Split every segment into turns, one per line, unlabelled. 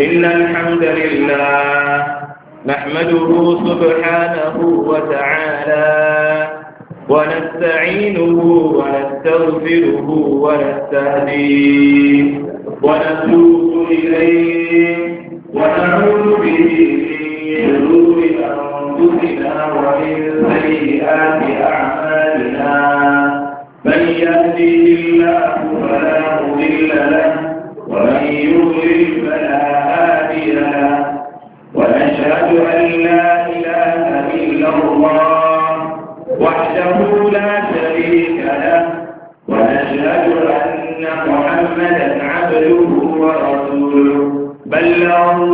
إن الحمد لله نحمده سبحانه وتعالى ونستعينه ونستغفره ونستهديه ونتوب إليه ونعوذ به من شرور أنفسنا ومن سيئات أعمالنا من يهديه الله فلا مضل له ومن بل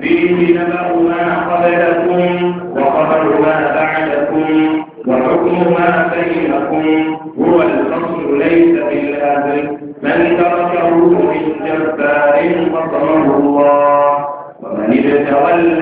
فيه نبأ ما قبلكم وخبر ما بعدكم وحكم ما بينكم هو الفصل ليس بالأذن من تركه من جبار قصمه الله ومن ابتغى من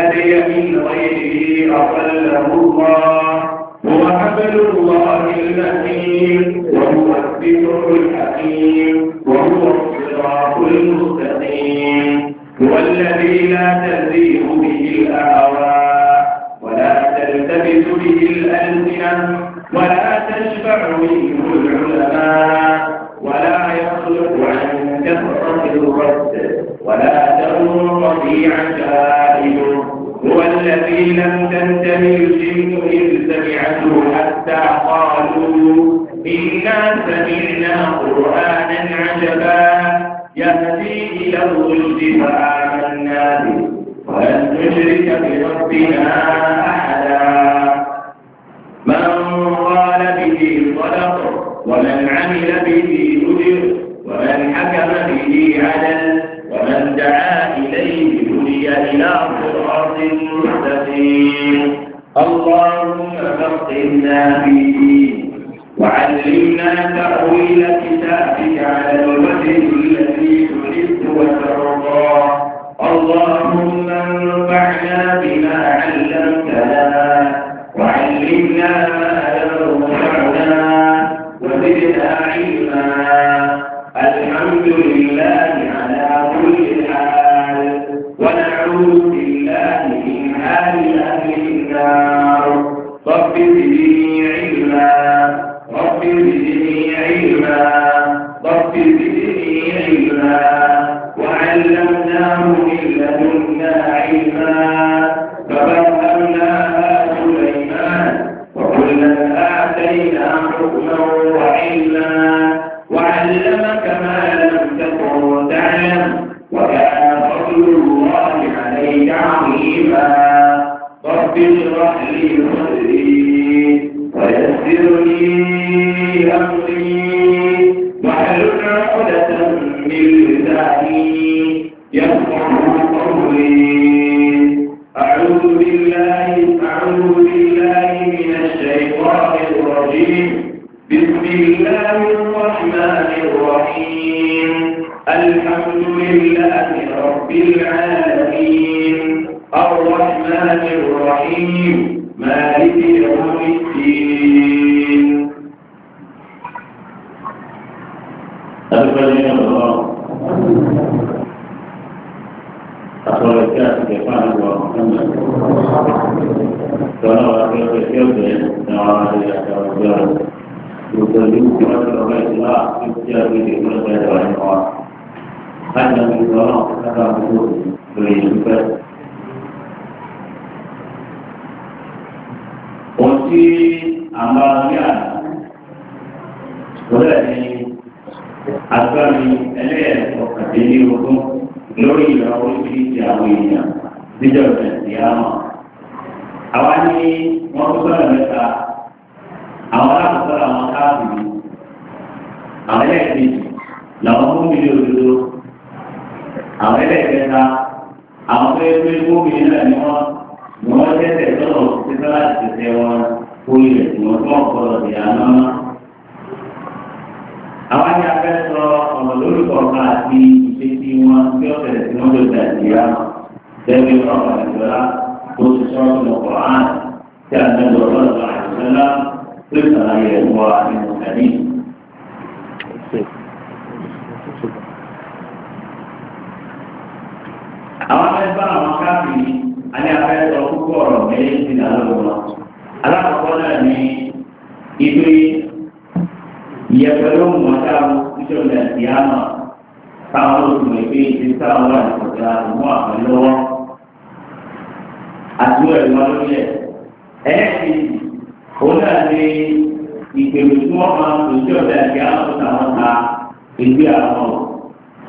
غيره أقله الله هو حبل الله المتين وهو الذكر الحكيم وهو الصراط المستقيم هو الذي لا تزيغ به الأهواء ولا تلتبس به الألسنة ولا تشفع منه العلماء ولا يخلق عن كثرة الرد ولا تمر في عجائبه هو الذي لم تنتهي الجن إذ سمعته حتى قالوا إنا سمعنا قرآنا عجبا يهدي إلى الرشد فآمنا به ولن نشرك بربنا أحدا من قال به صدق ومن عمل به أجر ومن حكم به عدل ومن دعا إليه هدي إلى صراط مستقيم اللهم فقهنا به وعلمنا تأويل كتابك الله الرحيم الحمد لله رب العالمين الرحمن الرحيم مالك يوم الدين أربعين الله أقول لك يا محمد صلى الله عليه وسلم يكلمك رجل الله يجابه من غير عنوان أن من وراء هذا حدود يريدك Òtí àmàlùmíàn lọ́dẹ̀ ni agbámi ẹlẹ́ẹ̀kọ́ àti ní ogún lórí ìlà oríṣiríṣi àwọn èèyàn níjọba ìyá wọn. Àwa ní wọ́n tó sọ̀rọ̀ mẹ́ta àwọn alákọ̀ọ́kọ́ làwọn káàbì àwọn ẹlẹ́ẹ̀kejì làwọn gómìnà òdodo àwọn ẹlẹ́ẹ̀kẹta àwọn tó yẹ pé gómìnà náà ni wọ́n ni wọ́n tẹ́tẹ̀ tọ́lọ̀ títí láti tẹ̀tẹ̀ wọn kó ilẹ̀ tí wọ́n tó ọ̀pọ̀ lọ́dì àná. àwọn ní abẹ́ sọ ọ̀nà lórúkọ ọ̀gá àti ìṣesí wọn tí ó tẹ̀lé tí wọ́n tó tẹ̀ sí ya tẹ́lẹ̀ ọ̀gá ìjọba tó ti sọ́ọ́ tó ìsàlàyé rẹ̀ wá nínú ẹ̀rí. àwọn ẹgbẹ́ àwọn káàkiri alẹ́ abẹ́rẹ́ ọkùnkùn ọ̀rọ̀ mẹ́rin ti dà lọ́wọ́ wọn. alákọ̀ọ́kọ́ náà ní ibi ìyẹ̀pẹ̀lú mọ̀ọ́tà ìjọba ìyá náà táwọn olùsọ̀rọ̀ ìgbé ìdí táwọn wà ní kọ̀ọ̀tà àwọn àpẹẹrẹ lọ́wọ́. ìgbé àwọn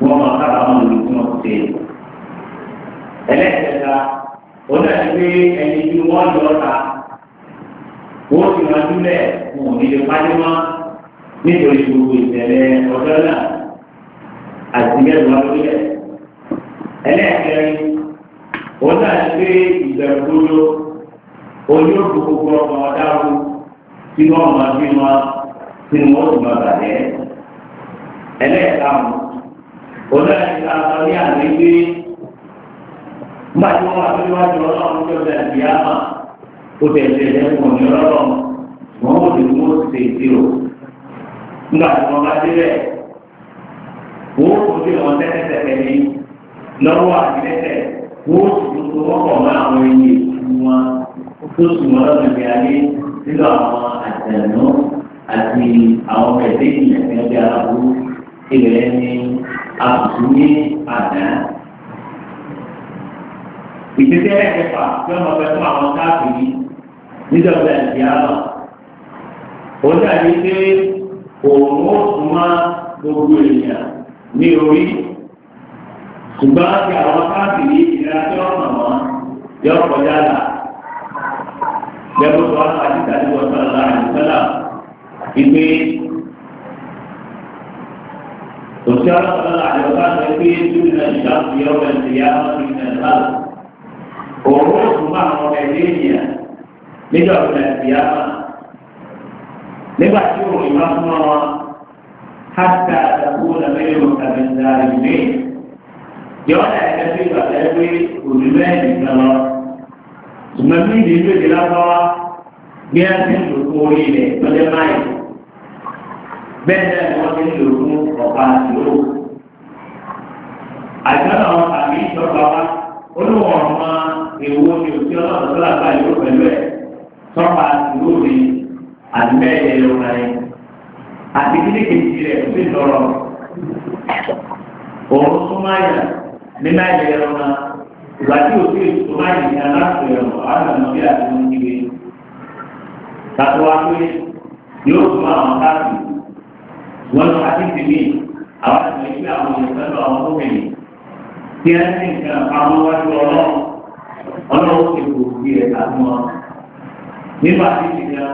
wọn máa kára àwọn ìlú tí wọn ti ṣe. ẹlẹ́kẹ̀ẹ́ta ó dàbí pé ẹni tí wọ́n yọ ta wọ́n ti máa dúlẹ̀ wọn ò ní lè pálí mọ́ nítorí gbogbo ìṣẹ̀lẹ̀ ọjọ́ náà àti mẹ́rin wọn lórílẹ̀. ẹlẹ́kẹ̀ẹ́rin ó dàbí pé ìbẹ̀rù gbogbo oyún gbogbo ọmọ ọ̀dá wo tí wọ́n máa bí wọn tí wọ́n sì máa bàjẹ́ ẹlẹ́ẹ̀kanu olóyìnbá sọrí àgbègbè gbàdúrà wọn àti wájú ọlọ́run tó bẹ̀rẹ̀ bí a mà kó tẹ̀lé ẹ̀kọ́ ní ọlọ́run wọn ò lè mú ṣe ìṣirò nígbà tí wọn bá débẹ̀ wọ́n kò sí wọn tẹ́tẹ́tẹ́tẹ́ ní lọ́wọ́ àtìlẹ́tẹ̀ wọ́n sì tún wọ́n kọ̀ mọ́ àwọn ẹ̀yẹ wọn tó sì wọ́n lọ́nà ìgbé ayé nínú àwọn àtẹ̀nú àti àwọn ẹ̀dẹ́ ìyẹn tí wọ́n ilẹ̀ ní àbùkù ní àdá. Ìgbésẹ̀ ẹ̀fà tí wọ́n fẹ́ fún àwọn káàkiri níjọba ìdíyàwó. Ó dàbí pé òun ó súnmọ́ gbogbo ènìyàn ní orí. Ṣùgbọ́n àti àwọn káàkiri ìlera tí wọ́n mọ̀ wọ́n yọ kọjá là. Yẹ́n bó sọ wá láti ìdájọ́ sọ̀rọ̀ láàrin sọ́là. Ìgbé وشارك الله عجبان يقين دون الشرط يوم القيامة من وروح والروح مع مكانية لجوم القيامة لبحثوا إمامنا حتى تكون منهم كالظالمين يوم الكثير الذي أجمعين الله ثم من يجب إلى الله بأن تكون إليه فلما يكون bẹ́ẹ̀ náà ni wọ́n ti ń lò fún ọ̀pá ìlú. àjọ náà àmì ìjọba wa olówó ọ̀ma èwo ni òsì ọlọ́run tó lágbá ìlú pẹ̀lú ẹ̀ sọ́pà ìlú mi àti bẹ́ẹ̀ yẹ ló ra yẹn. àti kíní kejì rẹ̀ kò sí lọ́rọ̀ òun súnmáyà ní náà yẹ ló ra ìgbà tí òsì súnmáyà ní aláṣẹ àwọn ọmọ yóò tún àwọn káàkiri wọ́n àti tìmí àwọn àti ìgbé àwọn ìfẹ́ lọ àwọn obìnrin tí a ti nǹkan àwọn wájú ọlọ́run ọlọ́run ti kò fi ẹ̀ láti wọn. nígbà tí ìgbà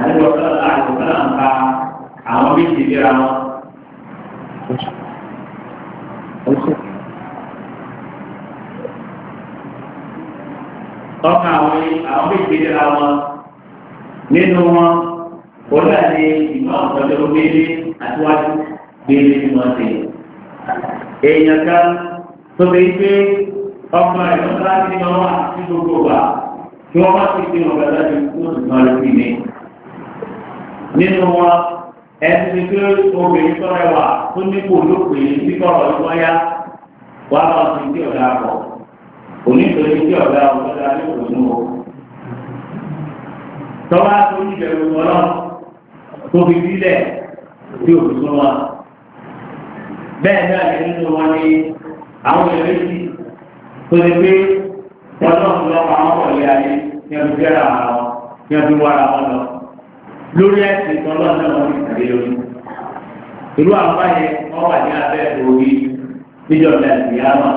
àdébọ̀ sọ́dọ̀ àdébọ̀ sọ́dọ̀ ń ka àwọn méjì léra wọn. ọkàn àwọn àwọn méjì léra wọn nínú wọn kó láti ìmọ̀ ọ̀sán tó méjì àtiwájú gbére ní wọn ṣe. èèyàn kan tó fi gbé ọmọ rẹ̀ tó bá ti máa wà sí gbogbo wa kí wọ́n má ti fi hàn bàbá mi kó sì máa lọ sí mi. nínú wọn ẹni tí obìnrin tó rẹwà tó nípò ló pè é sí kọ́rọ̀ ìwọ́yá wàá lọ sí ti ọ̀dà pọ̀ onítorí tí ọ̀gá ọ̀gá ní òun o. tọ́wá tó ń jẹ̀rù ọlọ́run tó fi sílẹ̀ tí ò fún wa bẹ́ẹ̀ náà ní nínú wọn ni àwọn ẹ̀rí sí tó ti pé wọn náà ń lọ pa àwọn ọ̀lẹ́ ayé ní ọdún fẹ́ra àwọn ní ọdún wára wọn lọ lórí ẹ̀sìn tó lọ́ọ̀ náà wọ́n ti tàbí lórí ìlú àbáyé wọn wà ní abẹ́ òbí níjọba ìyáma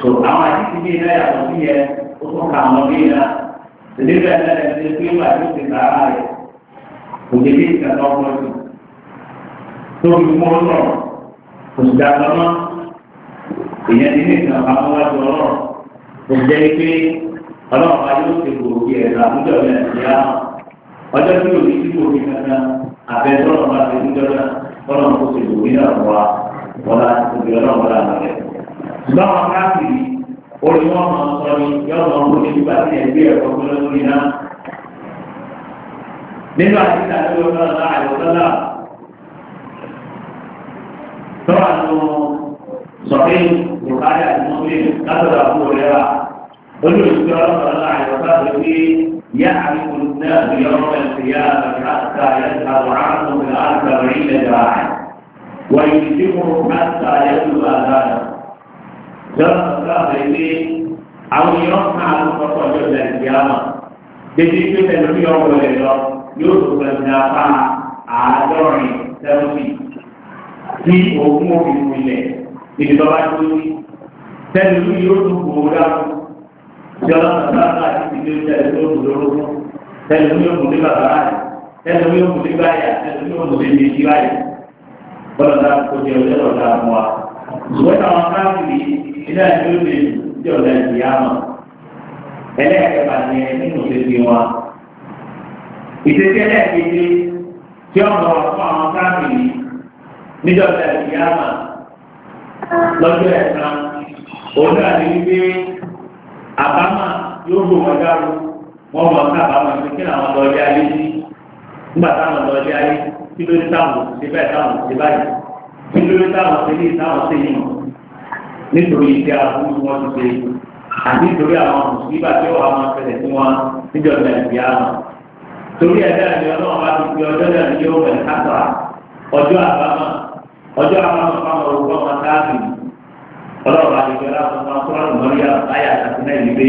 tó àwọn àdìsí bíi náà yàtọ̀ sí yẹ ó tún kà wọn bíi náà ìdílé ẹ̀ náà ẹ̀ ti pé wà ní òsì tó fi mọ́ lọ kò sì dá lọ mọ́ èèyàn ní ní ìgbà àwọn wájú ọlọ́ kò jẹ́ pé ọlọ́run bá yóò ṣe gbòógì ẹ̀ka àmújọ rẹ̀ sí á ọjọ́ tí òní tí kò fi kankan àbẹ̀tọ́rọ̀ bá ti ń jọra ọlọ́run kò ṣe gbòógì náà wá wọlá òbí ọlọ́run wọlá rẹ̀. ṣùgbọ́n àwọn káàkiri orí wọn máa ń sọ ní yọ̀ọ̀mọ̀ ọ̀hún ní nígbà tí ẹgbẹ́ ẹ̀kọ́ gbọ́dọ̀ lórí náà. nínú àti tọ́wà tó sọ̀rí bùkárí àti mọ́lẹ̀ látọ̀dọ̀ àbúrò rẹwà olùsí ọlọ́pàá náà àyọ̀ká tó fi yá àbíkú náà bí ọmọ ìfìyà àtàkà àwọn àkùnrin àgbàrin lẹ́dà wọ̀nyí tí mo kàtà yẹ́lú àdáyà lọ́pàá tó fi àwọn èèyàn kan àlùkọ́kọ́ ọjọ́ nàìjíríà mọ̀ débi pé pẹ̀lú bí ọmọ rẹ̀ lọ yóò tó pẹ̀lú apá àádọ́rin sẹ́wọ́n tí òun ò fi wulẹ̀ níbi tó bá tó ní tẹ́lẹ̀ ní yóò tún kò ó dáa tí ọlọ́run bá bá ti ti lé tẹ́lẹ̀ ní òun lóró tẹ́lẹ̀ ní òun lé bàbá rẹ̀ tẹ́lẹ̀ ní òun lé báyà tẹ́lẹ̀ ní òun lé ní ìdí báyà bọ́lá dáa kó jẹ ọjọ́ ọ̀dà mọ́ wa. ṣùgbọ́n àwọn káàkiri ilé àti ó lè jẹ́ ọ̀dà ìdí ni nínú ìṣèṣì wọn. ìṣèṣì ẹlẹ́ẹ̀kejì tí ọ̀dọ̀ fún àwọn níjọ́ ìjà ìyáàmà lọ́jọ́ ẹ̀ka òun náà ní wípé àbámà yóò gbò wọ́n dáró wọ́n mọ̀ ká àbámà pé kí làwọn lọ ilé ayé sí nígbà táwọn lọ ilé ayé kí ló ní táwọn ṣe báyìí táwọn ṣe báyìí kí ló ní táwọn ṣe ní táwọn ṣe yìí nítorí iṣẹ́ àbúrú wọn ti ṣe àti nítorí àwọn mùsùlùmí àti ọ̀hún àwọn afẹ́lẹ̀ tí wọ́n níjọ́ ìjà ìyáàmà torí ẹ̀dá ìjọ náà wá ti fi ọjọ́ náà ní yóò wẹ̀ káàkiri ọjọ́ àwọn ọmọ ọgbọ́n wọn káàkiri ọlọ́ọ̀bá ìgbẹ́lá ọmọ akọ́rọ̀ mọ́ríyá láyà àti náà yìí pé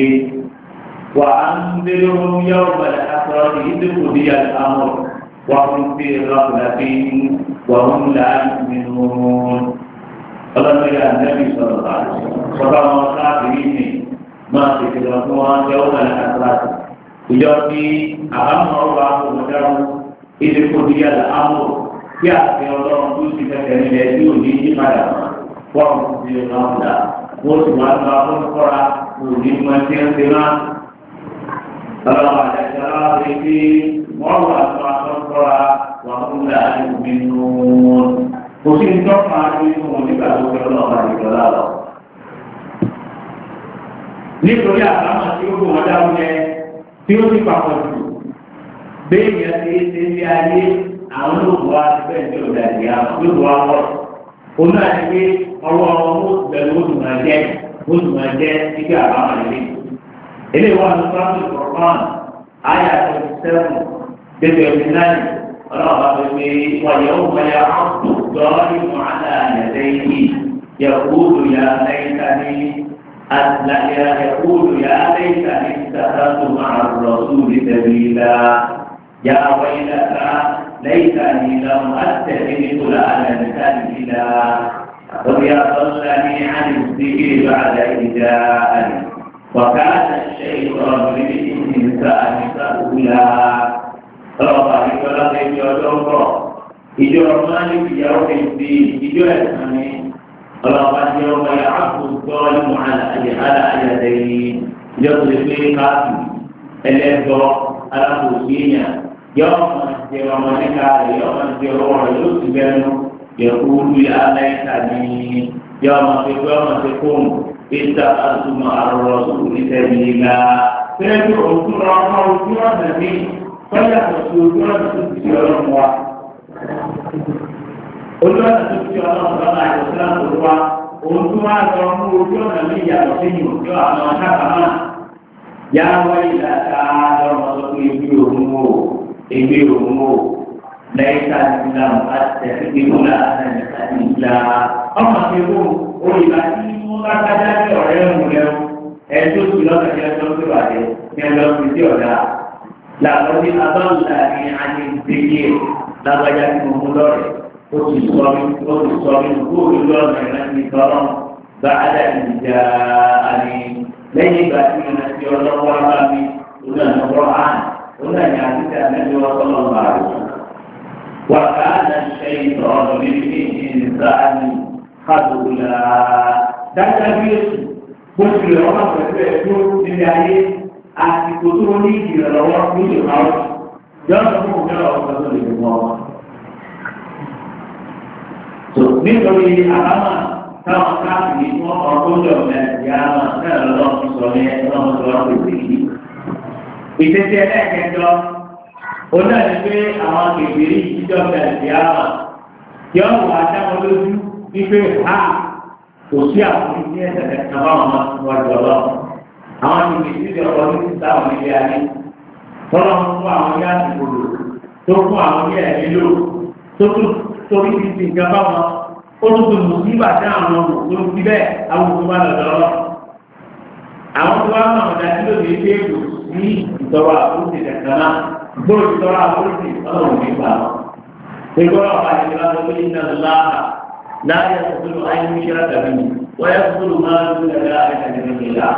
wà á ń délé ohun yá ọgbà àkọ́rọ̀ ní ìdíkù ní àmọ́ wà fún sí ìrọ̀kùnrin àti wà ń là á nínú ọlọ́mọdé ànábì sọ̀rọ̀ bàbá wọn káàkiri ní máa tètè lọ fún wọn yá ọgbà àkọ́rọ̀ ìjọ bí àbámọ̀ ọgbà àkọ́rọ̀ ìdíkù ní àmọ́ kí àti ọlọ́run tó ti kẹ̀kẹ́ nílẹ̀ tí ò ní yí padà fọ́ọ̀mù ti lè máa ń dà kó o sì máa ń lọ akọ́kọ́ra kò ní mọ tí ń ti máa. ọlọ́run àtẹ̀sẹ̀ aláwọ̀ ti wọ́n wà lọ akọ́kọ́ra wà fún mi àdéhùn mi nù kò sí ní tọ́pọ̀ àdéhùn wọn nígbà tó fẹ́ ọlọ́run àdéhùn lọ. nítorí àbámọ̀ tí ó bò wọ́n dáhùn yẹn tí ó ti pàpọ̀ jù bẹ́ẹ̀ yẹn ti ṣe ń bí ayé àwọn olóògùn wa ti bẹ́ẹ̀ ní ọ̀dà ìyá olóògùn wa wọ̀. òun náà ti gbé ọwọ́ ọmọ bẹ̀rù olùmọ̀ jẹ́ olùmọ̀ jẹ́ ibi àbámọ̀ ilé. ilé wa ní sáfì kọ̀ọ̀kan àyà twenty seven bébè ọdún náà ọlọ́run bá fi pé wàyẹ̀ ó wáyà áàpù lọ́ọ́rì mọ́àlá àyẹ̀dẹ́ yìí yẹ̀kúùlù yà lẹ́yìnká ní àtìláyà yẹ̀kúùlù yà lẹ́yìnká ní sàtàtù máa rọ̀ ليس أني لم أتهم كل على نسان إلا ربي أصلني عن الذكر بعد إن جاءني وكان الشيطان من إنسان سأولا رفع الولاد يجرب يجرب مالك يجرب الدين يجرب مالك رفع يوم يعفو الظالم على أجهال أجدين يضرب لي قاتل الأجر على خوشينا yọọ ma jẹ ọmọ níka rẹ yọọ ma jẹ ọwọ́ rẹ yóò ti bẹnu yẹku lu ya aláìka ní yọọ ma fi gbé ọmọ ti fóònù pété àtúmọ̀ arọ sùkúrú sẹ́yìn nígbà sẹ́yìn òkú ọmọ ojú ọ̀nà mi sọ́yà òsì ojú ọ̀nà tó ti ọlọ́run wa ojú ọ̀nà tó ti ọlọ́run lọ́nà àìsàn tó wá òun tó wá lọ mú ojú ọ̀nà mi yàtọ̀ sí ìwòjú àwọn akábàámà yà wáyé làtà lọ́mọ èmi ò mú o lẹ́yìn tá a ti la mọ̀ a ti tẹ̀sí pé mo là á ti ta ti la. ọmọ mi wo olùbá tí wọ́n bá kájá sí ọ̀rẹ́ mu rẹ o ẹ tó ti lọ́kàn ní ọjọ́ tó wà dé ní ọjọ́ tó ti ọ̀dà. làwọn ní abáwùlà ni a ní gbèyé lágbájá tí mú lọ́rẹ̀ ó ti sọ mi ti sọ o lọ ọ̀rẹ́ náà ti tọ́lọ́ bá a dà ìjà àní ìgbà tí mo ti ọlọ́wọ́ bá mi ó náà lọ́wọ́ àná. هنا يعتقد النبي صلى الله عليه وسلم وكان الشيطان للإنسان خذولا dájúdájú èsù bó ti lè ọmọ pẹ̀lú ẹ̀dúró nílé ayé àsìkò tó ní ìrànlọ́wọ́ nílé ọ̀rọ̀ yọ̀ọ́ tó mú yọ̀ọ́ ọ̀sán tó lè mú ọ. nítorí àbámà táwọn káàkiri fún ọkọ̀ tó jọ̀ ọ̀gá ìyá náà náà lọ́wọ́ sọ ní ẹ̀rọ ọ̀sán tó lè rí. ìtẹ̀tẹ̀ ẹlẹ́ẹ̀kẹjọ ọ̀nà ni pé àwọn kèbèrè ìjíjọ́ gbẹ̀lẹ̀ àmà tí ó wà dáwọn lójú wípé ha kò sí àwọn ilé ẹ̀sẹ̀ kẹfà wọn máa tún wájú ọlọ́ àwọn kèbèrè ìdíje ọ̀rọ̀ ní títà wọn ilé ayé tọ́lọ́ ń fún àwọn ilé àtìkò lò tó fún àwọn ilé ẹ̀mí lò tó tún torí ti ti nǹkan bá wọn ó tún tún mú nígbà tí àwọn ọmọ tó ń bẹ́ẹ̀ àwọn bá lọ́dọ̀ lọ àwọn tó bá mọ̀ ọ̀dà tí lóde sí ìtọ́rọ àbúrúsì kẹsàn-án gbọ́dọ̀ ìtọ́rọ àbúrúsì ọlọ́run nígbà wọn. ìgbọ́dọ̀ ọ̀pá ìjọba tó ní iná láàbà láàyè ìṣòro ayélujára tàbí wọ́yà ìṣòro máa ń lò lẹ́yà ìṣàjẹ̀mẹ̀lá.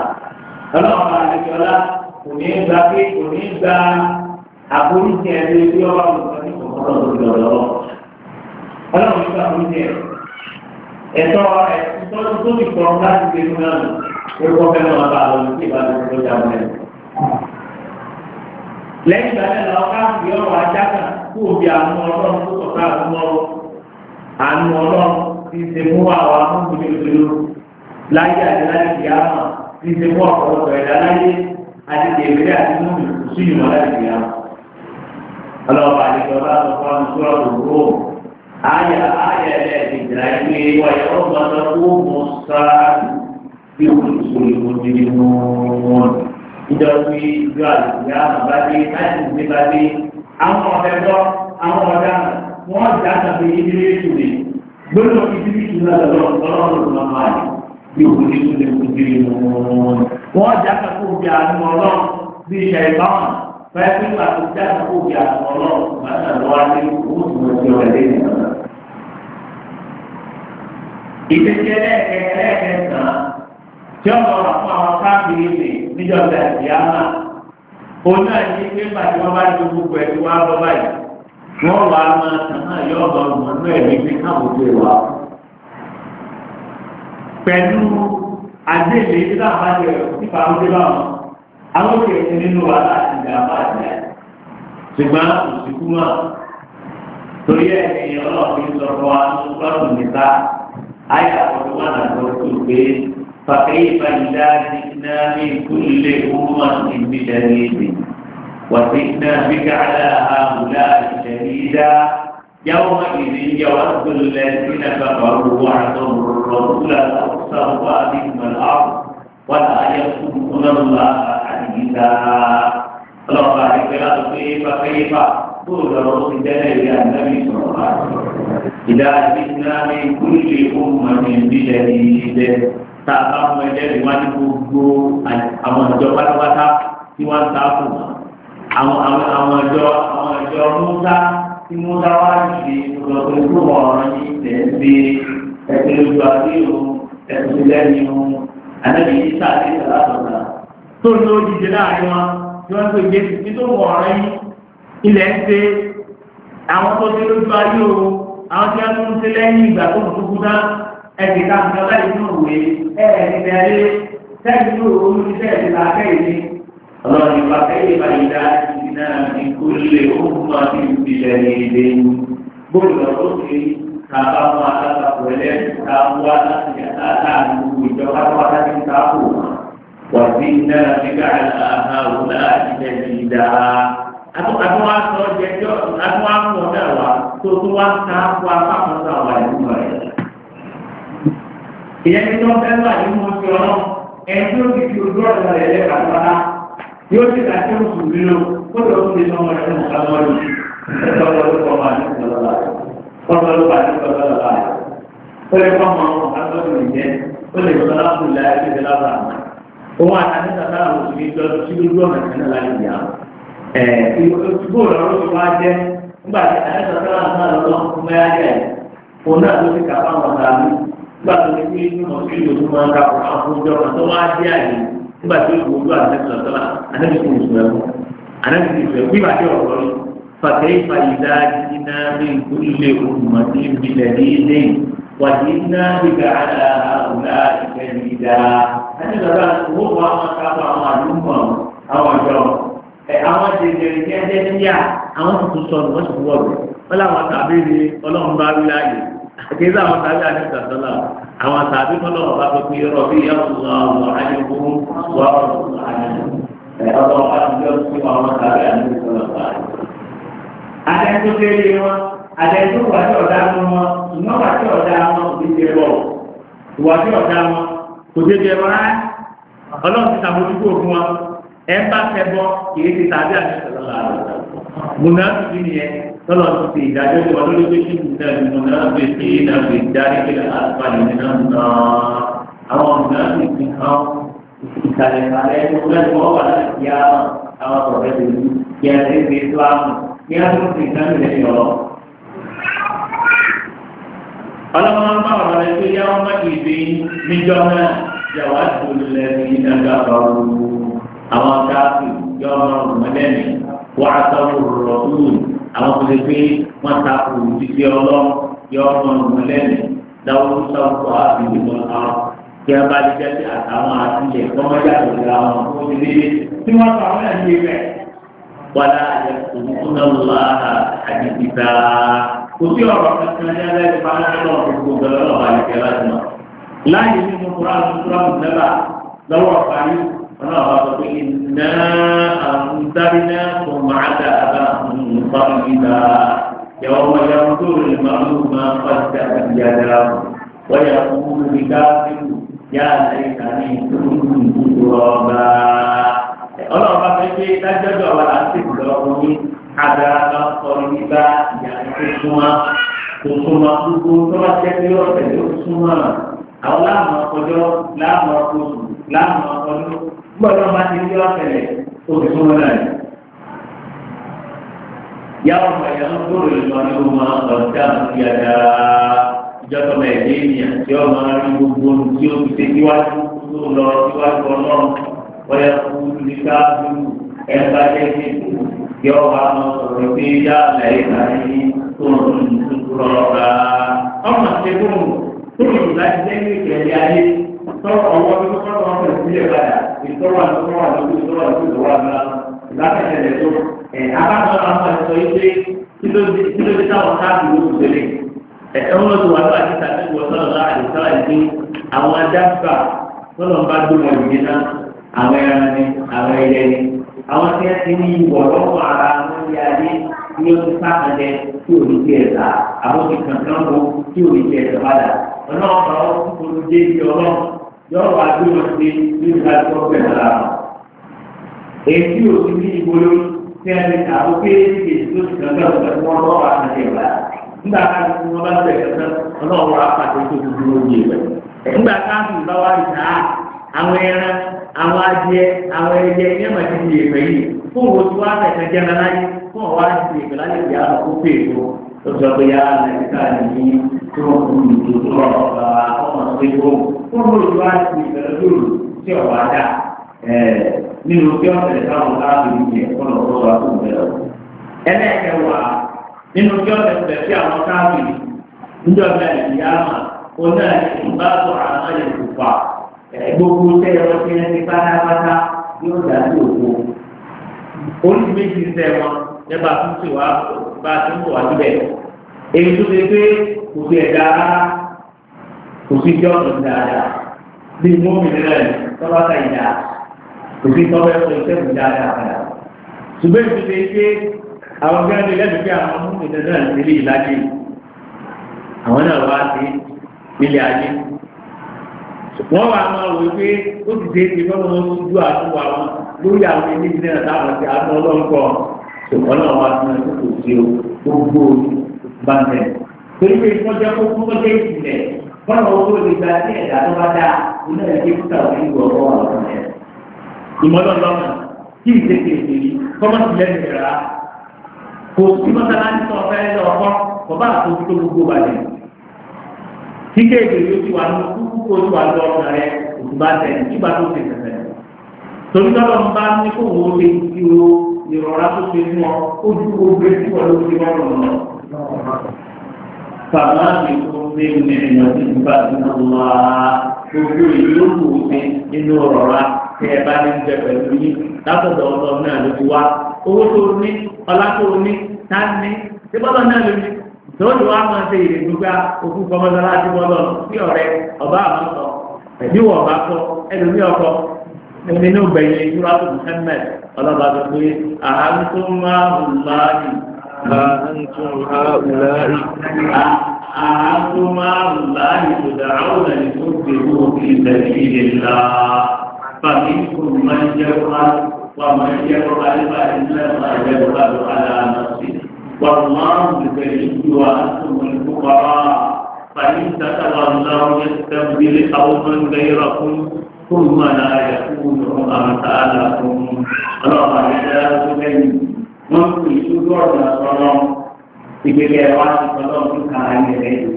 ọlọ́run àdéjọ́lá kò ní gba pé kò ní gba àbúrúsì ẹ̀rí tí ọba olùkọ́ ní kòkòrò lọ́wọ́. ọlọ́run nígbà àbúrúsì ẹ̀tọ́ ẹ̀tọ́ tó ti kọ́ láti gbé fún náà ẹ̀kọ́ fẹ́ lẹ́yìn ìgbà náà lọ káàkiri ọ̀rọ̀ ajá kan kú òbí àánú ọlọ́run tó sọ̀tà àánú ọ̀rọ̀ àánú ọlọ́run ti ṣe mú àwọn amúnibí òdodo láyé àti láyé kìámà ti ṣe mú ọ̀pọ̀lọpọ̀ ẹ̀dá láyé àti kèmèrè àti múmi sí ìmọ̀ láyé kìámà. ọlọ́ọ̀bà àdìgbò bá sọ fún àwọn ìṣúra òwúrò àyà àyà ẹ̀ ìjìnlá ìwé ìjọ wí ìjọ àlùfíà àbádé láti ìgbé bádé àwọn ọ̀rẹ́ lọ àwọn ọ̀dà wọn dà tàbí ìdílé ìtùlé gbọ́dọ̀ ìdílé ìtùlé lọ́wọ́ ọlọ́run ló máa wà bí òkú ní ìtùlé òkúté wọn dà tàbí òbí àánú ọlọ́run bí ìṣẹ̀ ìbáwọn fẹ́ẹ́ pín pàtó dà tàbí òbí àánú ọlọ́run bàtà lọ́wọ́ tí ọmọ ọ̀rọ̀ fún àwọn káàkiri nì níjọba ìyáàmà òun náà yí pé bàtí wọn bá ti gbogbo ẹ ti wá lọ báyìí wọn wà á máa tàn náà yọ ọmọ ọmọ náà ẹbí pé káwọn tó wà. pẹ̀lú àdéhùn èyí náà bá jẹ nípa àwọn tó bá wọn àwọn òkè ti nínú wa láti gbà bá jẹ ṣùgbọ́n òsìkú náà torí ẹ̀ ní ọlọ́ọ̀fin sọ̀rọ̀ wa ní gbọ́dọ̀ níta ayé àwọn wà فكيف إذا جئنا من كل أمة بشهيد وجئنا بك على هؤلاء شهيدا يومئذ يود الذين كفروا وعدهم الرسول لو سوى بهم الأرض ولا يكتمون الله حديثا اللهم بارك لنا كيف كيف قول رسول الله النبي صلى الله عليه وسلم إذا جئنا من كل أمة بشهيد tá a bá mú ẹlẹ́rìí wá ní gbogbo àwọn ìjọ pátápátá tí wọ́n ń ta kù àwọn àwọn ìjọ àwọn ìjọ múta tí múta wá ṣe lọ́dún tó ọ̀ràn yìí tẹ̀ ń ṣe ẹ̀sìn ojú àti ìhun ẹ̀sìn lẹ́yìn ìhun àtẹ̀lẹ́ yìí sáà ní ìsàlá sọ̀tà tó ní ó dìde láàrin wọn tí wọ́n ń pè jésù tí tó ọ̀ràn yìí ilẹ̀ ń ṣe àwọn tó ṣe lójú ayé o àwọn tí wọ́n ń ẹ̀sìn ká nǹkan láì ní òwe ẹ̀ẹ́dì tẹ̀lé sẹ́yìn ní òwe ní sẹ́yìn la kẹ́yìn ọlọ́run ìgbà kẹ́yìn bá yìí dá iná ní kó lè ohun máa fi ìpìlẹ̀ ní ilé gbọ́dọ̀ tó ṣe kàbá mọ́ àtàkùn ẹlẹ́sìn ká wá láti àtàkùn ìjọba pátá ní káàkó wàdínà nígbà àhàwùlá ìdẹ̀dìdà. Àtúwà sọ jẹjọ́ àtúwà mọ̀ náà wá tó tó wá ìyẹn ní tó ń fẹ́ wà nínú oṣù ọ̀nà ẹni tí ó ti fi ojú ọ̀nà rẹ̀ lẹ́ kàtàkàtà yóò ti dà sí oṣù nínú kó lọ sí iná wọn ẹni nǹkan wọn ni ẹgbẹ́ ọlọ́dún kan máa ní ìtọ́lọ́lá ọlọ́dún kan ní ìtọ́lọ́lá ó lè fọ́n mọ́ ọ̀hánlọ́dún ìjẹ́ ó lè fọ́n lábùn láyé ti fi lábà òun àtàkùn tàbí àwọn òṣèlú ìjọ sí ojú ọ̀nà kan náà láyé ìyá ẹ̀ ìgbó ìrọ̀rùn ti wá jẹ́ nígbà tí àyẹ̀sọ̀ tẹ́lá náà lọ́wọ́ fún mẹ́ráyà ẹ̀ òun náà ló ti kà fáwọn ọ̀tá mi nígbà tó ní pé nínú ọ̀sẹ̀ yìí òun máa ń ka ọ̀rọ̀ àkójọ àti wọ́n á dé àyè nígbà tó kò ojú àtẹ́sọ̀ sọ́la anábì kò sùn ẹ̀kọ́ anábì kò sùn ẹ̀kọ́ bí ọ̀rọ̀ rẹ̀ fàtẹ́ ìfàyèdá jìnnà bí ìkúlẹ̀ olùmọ̀tí ìbílẹ̀ déédéé wà jìnnà bí gàdá ọ̀gá ìfẹ́ ìdá. anígbàgbà owó wa máa àwọn àdúgbò àwọn ọ̀dọ́ àwọn jẹjẹrẹ jẹjẹrẹ àkíyèsí àwọn tàbí àdìsá sọlá àwọn tàbí tọ́lọ̀ ọba tó fi rọ bí yọ̀ọ̀lọ́ ọ̀rọ̀ àyẹ̀kún wọ́ọ̀rọ̀ ọ̀rọ̀ àyẹ̀kún àwọn tàbí àdìsá sọlá. Adẹ́tú kéré wọn, adẹ́tú wà tí ọ̀dá wọn, ìmọ̀ wà tí ọ̀dá wọn kò ti jẹ bọ̀, ìwà tí ọ̀dá wọn kò ti jẹ rárá. Ọlọ́run ti sàmójúkò fún wọn, ẹ bá fẹ́ bọ́ kì í ti tàbí àdìsá Mùnà tọ́lọ̀ ti fi ìdájọ́ ìwà lórí pé kí ní ìdájọ́ ìmọ̀ náà fi ṣe é náà fi dárí pé àpàdé ní náà nà àwọn ọ̀nà ti fi hàn ìkàlẹ̀ kàlẹ̀ tó lẹ́nu wọ́n wà láti yá àwọn ọ̀rẹ́ tó ní kí a ti fi tó àmọ̀ kí a tó fi ìdájọ́ ìlẹ̀ yọ̀ ọ́. ọlọ́wọ́n bá ọ̀rọ̀ rẹ̀ tó yá wọn má kì í fi níjọ́ náà yàwá tó lẹ́ni ìdájọ́ àbáwọ̀ àwọn káàkiri wọ́n aṣọ́rò rọ̀ ún àwọn tó ṣe pé wọ́n ta kù títí ọlọ́ yọ ọmọ ọmọ lẹ́nu dáwọ́ sọ́kọ̀ àbíyí lọ àwọn kí a bá jẹ́ sí àtàwọn àtìlẹ̀ kọ́mọ́jà tó ga wọn kó ti dé tí wọ́n sọ àwọn ẹ̀yìn ibẹ̀. wàlá àyẹ̀ òmùkúnnàlá àdìgbìta kò sí ọ̀rọ̀ kankan ní alẹ́ ìfowópamọ́ gbogbo gbẹlẹ́ ọ̀rọ̀ àyẹ̀kẹ́ láti mọ̀ láyé nínú kúrò àwọn kúrò àwọn ìjọba lọ́wọ́ ọ̀pá yìí فنرى إنا أنذرنا ثم عذابا قريبا يوم ينظر المعلوم قد يداه ويقول بكافر يا ليتني كنت ترابا ọlọ́run bá fẹ́ ṣe dájọ́jọ́ wa láti lọ́wọ́ ní adaraba kọ́ríba ìyàrá tó súnmọ́ tó súnmọ́ gbogbo tó bá jẹ́ pé ọ̀sẹ̀ tó súnmọ́ àwọn láàmú ọkọjọ́ láàmú ọkọjọ́ láàmú ọkọjọ́ gbọ́dọ̀ bá ti rí ọ̀sẹ̀lẹ̀ oṣù tó wọn náà ni. yàwọn ọ̀gbàyà ń gbòòrò ìlọ ní ọmọ ọ̀dà àti àdá ìjọba ẹ̀dẹ́ ènìyàn tí ó máa rí gbogbo ohun tí ó fi ṣe síwájú tó lọ síwájú ọlọ́run wọ́n yẹ kú ní káàdù ẹ̀ka jẹ́jẹ́ yọ wà lọ sọ̀rọ̀ pé yá àlàyé láyé tó ń lò ní tuntun ọmọ ṣe tó lò láti jẹ́ kékeré ayé tọ́ ọwọ́ tó kọ́ lọ́wọ́ rẹ̀ sílẹ̀ padà ìtọ́wà lọ́wọ́ lọ́wọ́ ìtọ́wà lọ́wọ́ ìtọ́wà ìbáfẹ̀sẹ̀lẹ̀ tó ẹ̀ abáfẹ́ àwọn ẹ̀sọ́ yìí pé kí ló dé táwọn káàdì ló gbélé ẹ̀ ẹ̀ wọ́n ti wà lọ́wọ́ àti tàbí wọ́n sọ̀rọ̀ láàyè sọ̀rọ̀ yìí pé àwọn adáfà tọ́lọ̀ ń bá gbé wọn yìí ná àwọn ẹran ni àwọn ẹyẹ ni àwọn tí wọ́n ti ní ìwọ̀ lọ́wọ́ ara wọn yá dé ní oṣù sáfẹ̀dẹ̀ tí ò ní ti ẹ̀sà àbókì kankan wo tí ò ní ti ẹ̀sà padà ọlọ́ọ̀pàá ó kúkúrú dé bí ọlọ́ọ̀ yóò wá bí wọn ṣe ní ìgbà tó fẹ́ ra wọn. èyí ò sí ní ìgboro tí a lè kàwé pé èyí tó ti kàn gbàgbọ́ pé wọ́n lọ́wọ́ àtàkì ìgbà. nígbà káàdì tí wọ́n bá bẹ̀rẹ̀ kẹta ọlọ́wọ́ apàtẹ tó ti dúró yé rẹ̀. nígbà káàdì bá wà ìta àwọn ẹran àwọn adìẹ àwọn ẹyẹ ẹyẹ màá ti di èpè yìí fún wo tí wọ́n àtẹ̀kẹ́ jẹ́ra láyé fún ọ̀wá ti di èpè láyé ìyá ọ̀kú pèèkó tó sọ pé yàrá nàìjíríà nìyí tó ń kú ìdúró ọ̀gá wa ọmọ ṣe kó kó ló ju àti ìfẹ̀lẹ́dùn tí ọ̀wá dà nínú bí ọ̀sẹ̀ táwọn láàbù yìí yẹ kó lọ sọ́wọ́ àti ìbẹ̀rẹ̀ wọn. ẹlẹ́ẹ̀kẹwàá nínú bí ọ̀sẹ̀ tẹ̀ sí àwọn káàbì níjọ́ ìbẹ̀rẹ̀ ìyáàmà ó náà ní ìbáṣọ àwọn ìkùfà gbogbo tẹ́yọ̀ tí ẹ ti pátápátá yóò dà sí òkú. oríṣi méjì ń tẹ nípa tó ti wá bá a ti ń bọ̀ wá síbẹ̀ èyí tó ti pé kò fi ẹ̀dá rárá òfin jẹ́ ọ̀dọ̀ dáadáa bí mọ́mí rẹ̀ tọ́lá ta ìdá òfin tọ́lá ẹ̀kọ́ iṣẹ́ mi dáadáa padà. ṣùgbọ́n èmi lè ṣe àwọn gẹ́gẹ́ lẹ́nu pé àwọn mọ́mí rẹ̀ náà nílé ìlàjì àwọn náà wá sí ilé ayé. wọ́n wá máa wò pé ó ti dé ti fọ́nà wọn ju àtúwà wọn lórí àwọn ilé ìdílé náà táwọn ti àtúwà ọlọ́nkọ ṣùgbọ́n náà wá sí ọkọ̀ báwo ó lè gba ní ẹ̀dá tó bá dáa iná ẹ̀dí púpà ní ìwọ̀ ọ̀rọ̀ àwọn ẹ̀. ìmọ̀lọ́ lọ́nà kí ìṣe kejì yìí kọ́mọ̀ sí lẹ́nu ìrà kò sí mọ́sálásí tó ọ̀fẹ́ lọ ọkọ́ kò bá àtúntò tó gbogbo wà lẹ̀. kí kéèké yóò ti wà ní kúkú tó wà lọ ọ̀nà rẹ̀ òtù bá tẹ̀ nígbà tó bá tó ti mú fàmà mi kò fi mìíràn ní ìbátan wá gbogbo ìlú kò fi inú rọra tẹ ẹ bá ní jẹ pẹ̀lú yín látọ̀dọ̀ ọ̀dọ̀ náà ló ti wá owó tó ní ọlá tó ní tá ní ṣé bọ́lá náà ló ní tọ́jú wa máa ṣe ìrìn gbígbá òkú kọmọdọ́lá ti bọ́ lọ sí ọ̀rẹ́ ọba àmọ́sọ ẹ̀bí wọ̀ ọba kọ ẹlòmí ọkọ ẹni ní ògbẹ̀yìn ìṣúra tó mú sẹ́mẹ̀ ọlọ́ba tó pé àhánsó máa ń láàyè ها أنتم هؤلاء أنتم هؤلاء تدعون لتبدئوا في سبيل الله فمنكم من يبخل ومن يبخل فإنما يبخل على نفسه والله الكريم وأنتم الفقراء فإن تتولوا يستبدل قوما غيركم ثم لا يكونوا أمثالكم رفع الله wọ́n kú ìṣúgbó ọ̀dà sọ̀rọ̀ ìgbélé ẹ̀wá ti sọ̀rọ̀ ọ̀dún kan ayé rẹ̀ yìí.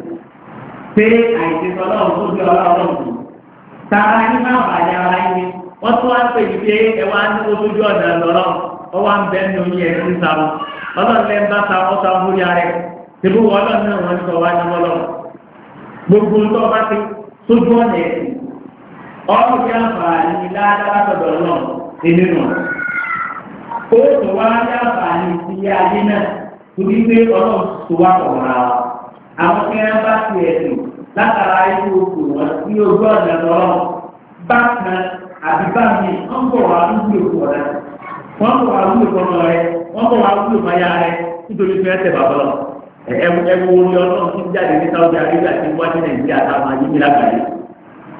pé àìsí sọ̀rọ̀ ọ̀dún bí ọ̀rọ̀ ọ̀dún kù tààrà ní má bàjẹ́ ara yìí wọ́n tún wá pè ní pé ẹ̀wá ní ojú ọ̀dà sọ̀rọ̀ ọwọ́ ń bẹ́ẹ̀ ní orí ẹ̀rọ ń sa wọn ọlọ́run lẹ́ ń bá sa ọ́ sa fúri ara rẹ̀ tìbú ọlọ́run náà wọ́n sọ wá ní gbogbo tó bá ti sójú ọ̀nà ẹ̀sìn ọ̀rọ̀ tó tó wá isi ya ayé náà torí pé ọlọ́run wa àwọn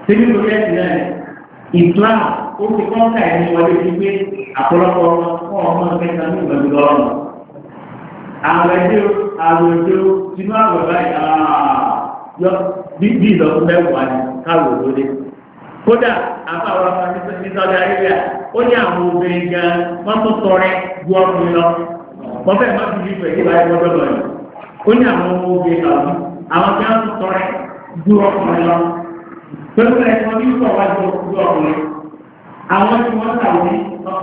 tí wọ́n Islam ó ti kọ́ńtà ẹni wọlé ti gbé àpọ̀lọpọ̀ ọmọ ọmọ mẹ́ta ní ìgbàgbé lọ́rùn. Àwọn ẹjọ́ àwọn ẹjọ́ tinú àwọn báyìí yọ bí ìlọ́kùn mẹ́wàá ni káwọ̀ lóde. Kódà àbáwọ̀ ọmọ ní Saudi Arabia ó ní àwọn obìnrin gan wọ́n tó tọrẹ ju ọkùnrin lọ. Wọ́n fẹ́ẹ̀ má fi fífẹ̀ kí báyìí wọ́n dọ̀dọ̀ yìí. Ó ní àwọn obìnrin àwọn àwọn wọ́n tó tọrẹ ju ọkùnrin lọ pẹ̀lú ẹ̀kọ́ ní ìtọ̀ wá jọ ojú ọkùnrin àwọn tí wọ́n tàwọn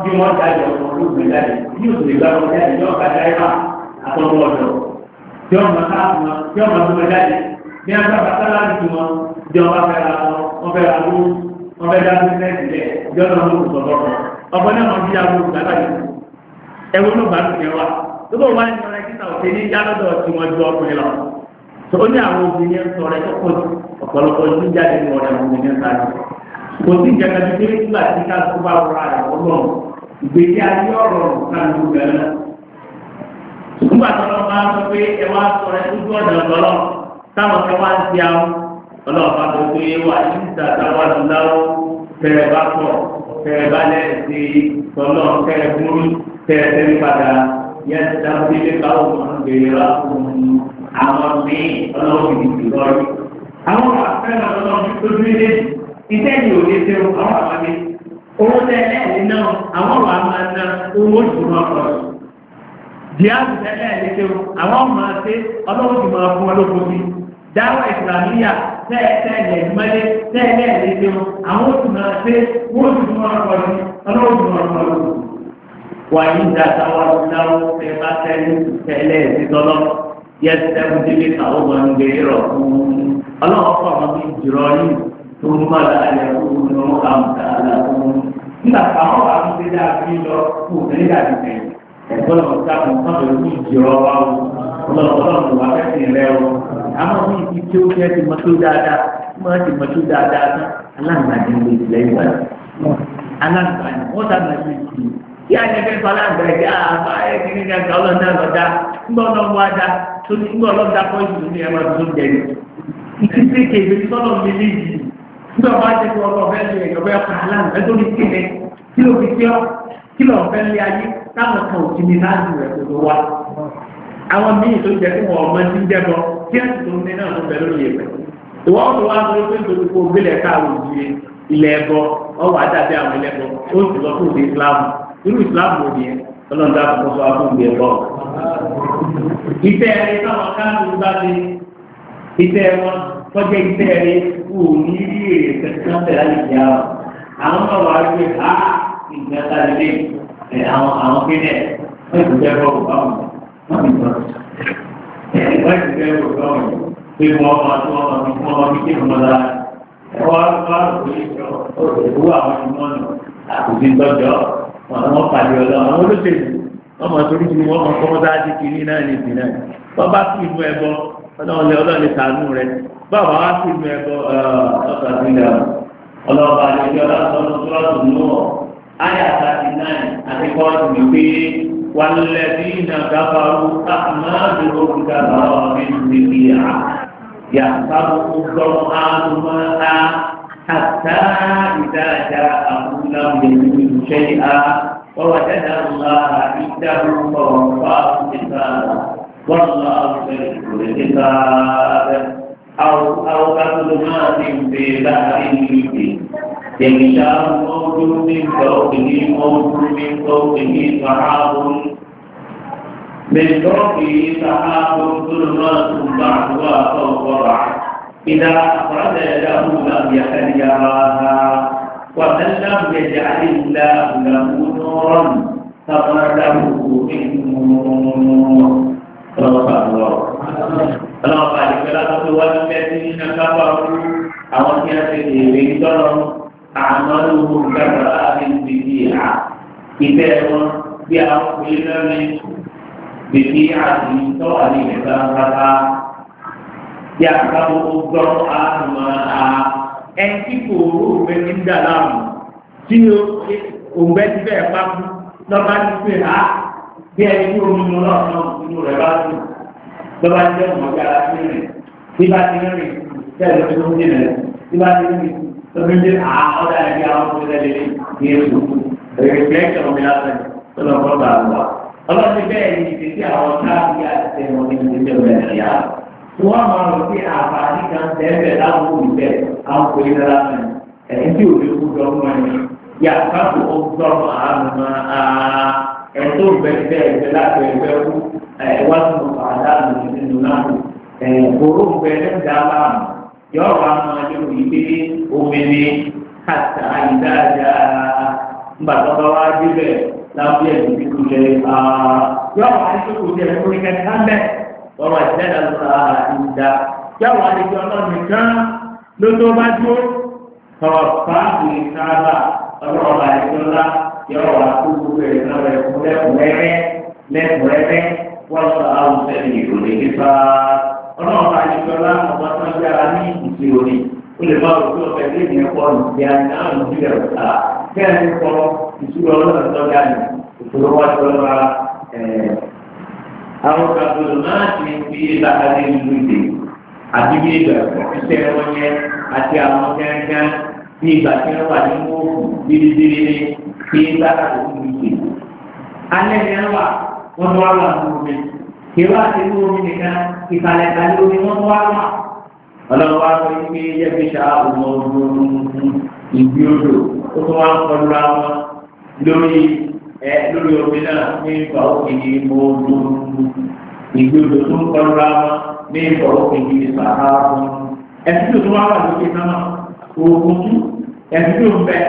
bí wọ́n jáde ọ̀pọ̀ ló gbé jáde ní òṣèlú ìgbà wọn jáde ní ọ̀gá dáìbà àtọ́wọ́ ọ̀dọ̀ tí ọmọ táwọn tí ọmọ tó wọn jáde ní ọjọ́ bàtàlá ní tiwọn bí ọba fẹ́ ra wọn wọn fẹ́ ra wọn wọn fẹ́ dá sí nẹ́ẹ̀sì lẹ̀ bí ọ̀nà wọn kò sọ̀rọ̀ ọ̀pọ̀ náà wọn bí ya wọn gbàgbà yìí ẹ̀wọ́n ló bá tó ní àwọn obìnrin ń sọ̀rọ̀ ẹ̀kọ́ pọ̀ jù ọ̀pọ̀lọpọ̀ ní jáde ní ọ̀rẹ́ àwọn obìnrin sáré kò sí ìjàkadì tó ní túbà tí ká tó bá wọra rẹ̀ ọlọ́run ìgbésí ayé ọ̀rọ̀ kan ló bẹ̀rẹ̀ náà nígbà tó lọ máa ń sọ pé ẹ wá sọ̀rọ̀ ẹ̀kú ọ̀dọ̀ ọ̀dọ̀ táwọn kan wá ń ti àwọn ọlọ́ọ̀bá tó pé wà ní ìtàtà wà lọ́wọ́ tẹ̀rẹ̀ bá pọ̀ tẹ̀rẹ̀ bá lẹ́ẹ̀sì tọ́lọ́ tẹ̀rẹ̀ burú tẹ̀rẹ̀ tẹ̀rẹ̀ padà yẹn àwọn míì ọlọ́run ìdí lọ́rù. Àwọn àfẹ́ràn ọlọ́run tó dúró lé iṣẹ́ ni ò lè ṣeun àwọn àwọn mi. Owó tẹ́lẹ̀ ní náà àwọn wà máa na owó ìdùnnú ọkọ̀ rẹ̀. Díàbù tẹ́lẹ̀ ní ṣeun àwọn máa ṣe ọlọ́run ti máa fún ọlọ́run mi. Dáwọ̀ ìsìlámíyà tẹ́ẹ̀tẹ́ẹ̀lẹ̀ mẹ́lẹ́ tẹ́ẹ̀lẹ̀ ní ṣeun àwọn òtún máa ṣe owó ìdùnnú ọkọ̀ rẹ̀ ọlọ́run ti máa fún ọlọ́run. Wàyí ìdàtàwọ̀ ìdáwọ̀ tẹ́ẹ̀ bá tẹ́lẹ̀ tẹ́lẹ̀ ìdíjọ́lọ́ yẹtẹmu dìbí àwọn ọmọ ń gbé rọ ọlọ́wọ́ fún àwọn bíi jùlọ yìí tó ń bọ̀ láàyè fún un àmì àlàfún nígbà táwọn bá ń gbé dàbí lọ fún un nígbà tìtẹ̀ ẹ̀gbọ́n lọ sí àwọn sọ́dọ̀ ní ìjọ wa o ọlọ́wọ́ lọ wà fẹ́sìn rẹ o àwọn bíi ti tí ó jẹ́ ti mọ́tò dáadáa máa ti mọ́tò dáadáa tán aláǹgbá ni wọ́n ti lẹ́yìn wa aláǹgbá ni wọ́n dábàá yìí tí a ní fífa lágbàá jẹ́ àbá ẹ̀kí ní ẹ̀ka ọlọ́dà lọ́dà ńgbọ́ ọlọ́wọ́ adá tó ní ńgbọ́ ọlọ́dà pọ́ìsì ní ẹ̀ma tó ń jẹ̀lú. Ìtítí kèbè sọ́nà mi lè ti fọ ọkọ̀ fẹ́ bẹ́ẹ̀ ẹ̀ tó ní kí ló fi kí ló fẹ́ lé ayé táwọn kan ò ti ní rẹ̀ wá. Àwọn míì tó jẹ ọmọ ń irú ìsìláàmù òbí ẹ ọlọ́dà àkókò àkókò ẹ̀ bọ̀. ìtẹ́ ẹ̀rí táwọn káàdùn bá dé ìtẹ́ wọn kọjá ìtẹ́ ẹ̀rí kù ní rí èrè kẹsàn-án tẹ̀lé àyíká àwọn náà wà á gbé ha ìgbà tàbí lé àwọn àwọn kéde wọ́n ti bẹ́ẹ̀ bọ̀ bá wọn wọ́n ti bọ̀ wọ́n ti bẹ́ẹ̀ bọ̀ bá wọn pé wọ́n máa tó wọn fi fún wọn fi kéwọn lọ́la wọ́n á wọ́n á wọ́n á wọ́n á wọ́n á wọ́n á wọ́n á wọ́n á wọ́n á wọ́n á wọ́n á wọ́n á wọ́n á wọ́n á wọn àwọn pàdé ọlọ àwọn olóṣèlú wọn mọ torí ju wọn mọ kọmọdáàdì kiri náà ní ìsìn náà wọn bá kú inú ẹbọ ọlọ́run lè ọlọ́run lè sàánú rẹ báwa wá kú inú ẹbọ ọsàn nílẹ̀ ọlọ́run bá lè fi ọlọ́run tó lọ sọ̀rọ̀ tó nù ọ àyà thirty nine àti kọ́ọ̀tù mi pé wàlẹ́bí nàgàbàrú àmàlùmọ́ gàbàrú mi nìyà yàtọ̀ ọgbọ́n àlùmọ́ á. حتى إذا جاء لم يجده شيئا ووجد الله عنده فوفاه حسابا والله شريك الحساب أو أو كظلمات في بحر ميت يغشاه موج من فوقه موج من فوقه سحاب من فوقه سحاب ظلمات بعضها فوق بعض إذا أخرج يده لم يكن يراها ومن لم يجعل الله له نورا فما له من نور صدق الله Ọlọ́run bá àdìgbẹ́ látọ́tò wá ní ẹni àwọn tí a ti èrè tọ́lọ́ àmọ́ lóhùn gbàgbà àbíbi ìhà. Ìfẹ́ wọn bí àwọn òkúlé lọ́rin bèbí àti tọ́ àdìgbẹ́ bá ń bá bá yàtọ̀ ọgbọ́ àmọ́ a ẹtí kò rú òwe ní dàlámù tí òwe ti bẹ́ẹ̀ bá kú lọ́ba ti pè á bí ẹni tí omi mu náà náà nínú rẹ̀ bá kú lọ́ba ti jẹ́ ọmọdé ara sí rẹ̀ bí bá ti rìn tẹ̀lé tó ń jìnà bí bá ti rìn tó ń jìnà á ọ̀dà ẹ̀bí àwọn ọmọdé rẹ̀ ní èso rìflẹ́kṣọ̀ mi lásán tó wọ́n máa rò pé àǹfààní kan tẹ́lẹ̀ láwọn olùbẹ̀ àwọn kò yẹra mẹ́ ẹ̀yìn tí òde kú dọ́gbọ́n ni yàtọ̀ ọgbọ́n àánú máa ẹ̀tọ́ bẹ̀rẹ̀ ẹ̀fẹ́ láti ẹ̀fẹ́ kú ẹ̀wá tó mọ̀ àdáàmú nínú náà ẹ̀kọ́rọ́ bẹ̀rẹ̀ dábà yọ̀ọ̀ wá máa yọ ìgbé omele kàtà ìdájà ńgbàdọ́gba wá débẹ̀ láwọn bí ẹ̀sìn tó lẹ̀ wọ́n wà jẹ́ àlùfáà ìdá jáwọ́ àlejò ọlọ́run kan ló tó bá dúró kọ̀ọ̀ fáàbì sábà ọlọ́run àlejò ńlá yọ wà kó gbogbo ẹ̀ náà rẹ̀ fún lẹ́kùnrẹ́rẹ́ lẹ́kùnrẹ́rẹ́ wọ́n sọ àwùjọ ìlú lè nípa ọlọ́run àlejò ńlá ọba tó ń yára ní ìṣirò ni ó lè bá òkú ọ̀fẹ́ lé ní ẹ̀kọ́ ìgbéyà náà ń bí ẹ̀ka kẹ́rin kọ ìṣúra ọlọ́run tó dá ní ìṣòro wájú ọlọ́run àwọn kàdúrà náà ti fi ìlà adé ìlú ìdè àti bí ìgbà ìṣẹ́ wọn yẹn àti àwọn kẹ́kẹ́ ní ìgbà tí wọ́n wà nínú òkú bíríbírí ní kí ń bá àdúgbò ìdè. alẹ́ ni wọ́n wà wọ́n tó wá wà ní omi ìwà àti inú omi nìkan ìkàlẹ̀ àti omi wọ́n tó wá wà. ọlọ́wọ́ wa sọ pé yẹ́bi ṣáà ọmọ ọdún ìgbì ó tó wá ń kọlu àwọn lórí ẹ lórí omi náà ní ìgbà òkè ní mo dúró ìgbòdo tó ń kọlu ra wọn ní ìgbà òkè ní sàrà wọn ẹtí tó tó wá wà lókè náà oògùn tú ẹtí tó ń bẹ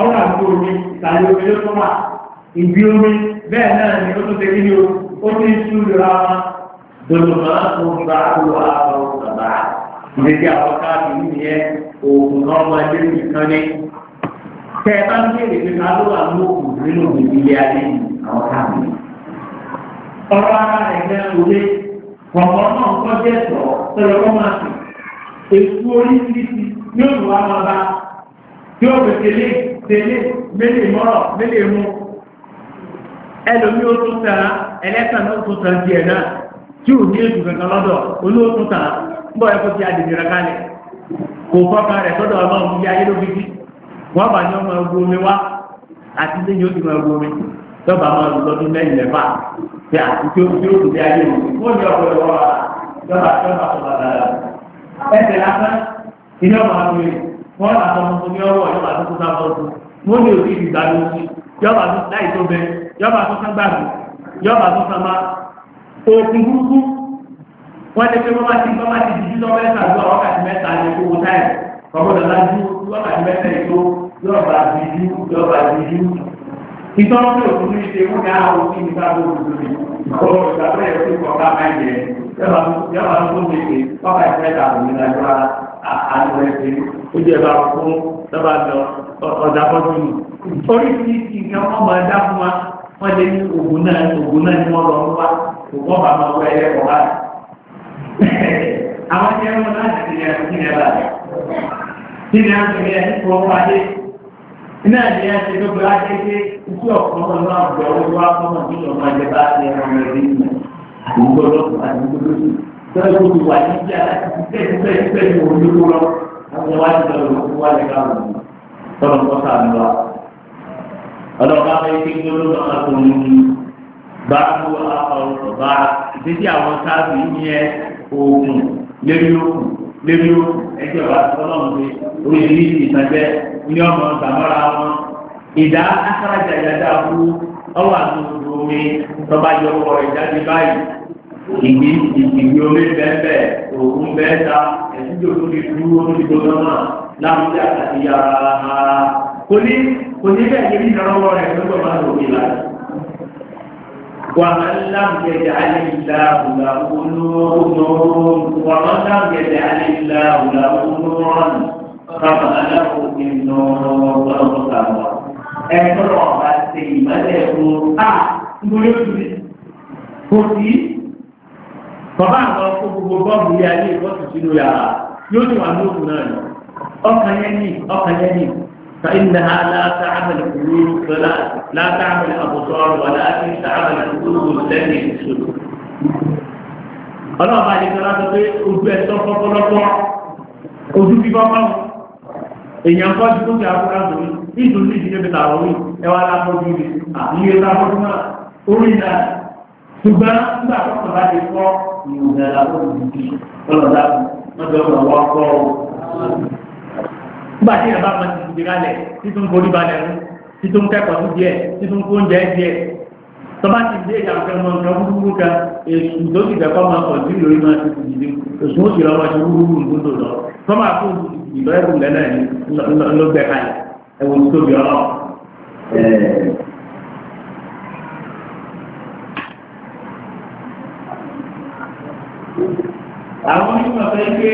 ọ̀rọ̀ àti omi ìtàlẹ̀ omi ló tó wà ìbí omi bẹ́ẹ̀ náà ni ó tó ṣe kí ni o ó ní ìṣúlù ra wọn dòdò máa ń tún bá wà ọ̀rọ̀ bàbá ìdèkí àwọn káàkiri nìyẹn oògùn náà máa dé nìkan ní tẹ ẹ bá ń béèrè pé ká ló wà ní òkú nínú ìdílé ayé àwọn káàmì. ọ̀rọ̀ ara rẹ̀ jẹ́ òye ọ̀pọ̀ náà kọ́ jẹ́ sọ sọ̀rọ̀ kọ́ máa sùn. èkú oríṣiríṣi yóò lù wá máa bá yóò fi tẹ̀lé tẹ̀lé mélè mọ́rọ̀ mélè mú. ẹlòmí ó tún tàn ẹlẹ́sàn ló tún tàn tiẹ̀ náà tí ò ní ètò kankan lọ́dọ̀ olóòtú tàn ń bọ̀ ẹ̀kọ́ ti adìyẹ rẹ̀ kò fọ́kàn wọ́n bá ní ọmọ ẹgbẹ́ omi wá àti sẹ́yìn ó ti mọ ẹgbẹ́ omi lọ́ba máa lọ lọ́dún mẹ́rin mẹ́fà tí àti tí ó ti ó ti ayé mi wọ́n ní ọ̀pọ̀ ẹ̀rọ wa lọ́ba tí ọba tó bàbá rẹ̀ ẹsẹ̀ lásán ilé ọmọ àgbè wọ́n là sọ fún mi ọwọ́ yọba tó kúta bọ́ tó wọ́n ní òbí ìgbà ló ti yọba tó láì tó bẹ yọba tó sán gbàgbé yọba tó sán má òkun burúkú wọ́n ti pé bọ́bá ti bọ́bá ti dìjú lọ́wọ́ ẹ̀ta lọ́wọ́ wákàtí mẹ́ta ní owó táyà ọgbọ́dọ̀ lá mẹ́tẹ̀ tó yọba dídú yọba dídú. ìtọ́jú òkúrú ṣe wọ́n ní àwọn òkú nípa gbogbo rẹ̀ ọ̀rọ̀ ìgbàgbọ́ yẹn tó kọ̀ ká máa yẹ yọba tó lè pè pápá ìfẹ́ ìdààmú ní àjọra àlọ́ ẹ̀sìn ó jẹ́ bá fún lọ́ba lọ ọ̀dà bọ́dún nù. oríṣiríṣi nǹkan wọ́n máa dá fún wa wọ́n lé ní ògùn náà ògùn náà ni wọ́n lọ ń wá ògùn ọ̀bà máa wọ ẹ̀yẹ kọ̀ wá. àwọn nínú àgbègbè ẹni kò wọ́n wáyé nínú àgbègbè ẹni tó gbé wáyé pé ikú ọ̀pọ̀ náà náà gbé ọwọ́ wá fún ọmọ nínú ọmọ ẹgbẹ́ bá ti ẹran ọmọ ẹgbẹ́ nínú àdúgbò lọ́sùn àdúgbò lọ́sùn tọ́lá tó ti wà ní bí aláàtì bẹ́ẹ̀ bẹ́ẹ̀ bẹ́ẹ̀ ní olówó àwọn ẹwà ti lọ lọ fún wáyé káwọn tọ́lá ń ń lọ lórí ẹjọ́ wa tọ́lọ́mù pé orí ìlú ìtàjẹ́ ní ọmọ sàmọ́ra wọn ìdá akárajà ìdájà bú ọwọ́ àtúntò omi tọ́ba yọ ọkọ̀ ìjáde báyìí ìgbì ìgbì omi bẹ́ẹ̀ òun bẹ́ẹ̀ ta ẹ̀sùnjò tó ti dúró tó ti gbọdọ̀ náà láwùjọ àti yàrá kò ní kò ní bẹ́ẹ̀ yẹ kí ìdánwò rẹ̀ lọ́gbọ̀n máa lò ní ìlànà. ومن لم يجعل الله له نور ومن لم يجعل الله له نورا فما له من نور ومتنور ẹ̀kọ́rọ̀ ọ̀bá ṣe ìmọ́lẹ̀ fún a nítorí oṣù rẹ̀ kò sí bàbá àwọn ọkọ̀ gbogbo bọ́ọ̀bù ilé ayé ìwọ́sùn sínú yàrá yóò فإنها لا تعمل قلوب فلا لا تعمل أبصار ولكن تعمل القلوب التي في الصدور ọlọ́ọ̀bá ìdíkọ́lá sọ pé ojú ẹ̀sọ́ fọ́pọ́lọ́pọ́ ojú bíbọ́ pàmò èèyàn kọ́ ju kókè àkókò àbòrí nítorí ní ìdílé bẹ̀rẹ̀ àwọn orí ẹwà lápọ̀jú rẹ̀ àbíyé lápọ̀jú náà orí náà ṣùgbọ́n nígbà tó kọ̀ bá ti kọ́ ìwòsàn lápọ̀jú rẹ̀ ọlọ́dà mọ́jọ́ ọ̀rọ̀ wọ́n kọ́ nígbà tí ìyàbá máa ti fìdí rálẹ̀ títún borí balẹ̀ mú títún kẹ́kọ̀ọ́ sí díẹ̀ títún kó oúnjẹ díẹ̀ tọ́ba ti dé ìyàwó fẹ́ mọ nǹkan búburú kan èsù tó ti fẹ́ kọ́ máa pọ̀ sí lórí máa ti fìdí èsù ó sì lọ́wọ́ sí búburú nǹkan tó lọ tọ́ba kó ìlọ ẹ̀kú lẹ́nà ẹ̀ ló gbẹ kalẹ̀ ẹ̀wọ̀n tóbi ọ̀rọ̀ àwọn onímọ̀ fẹ́ gbé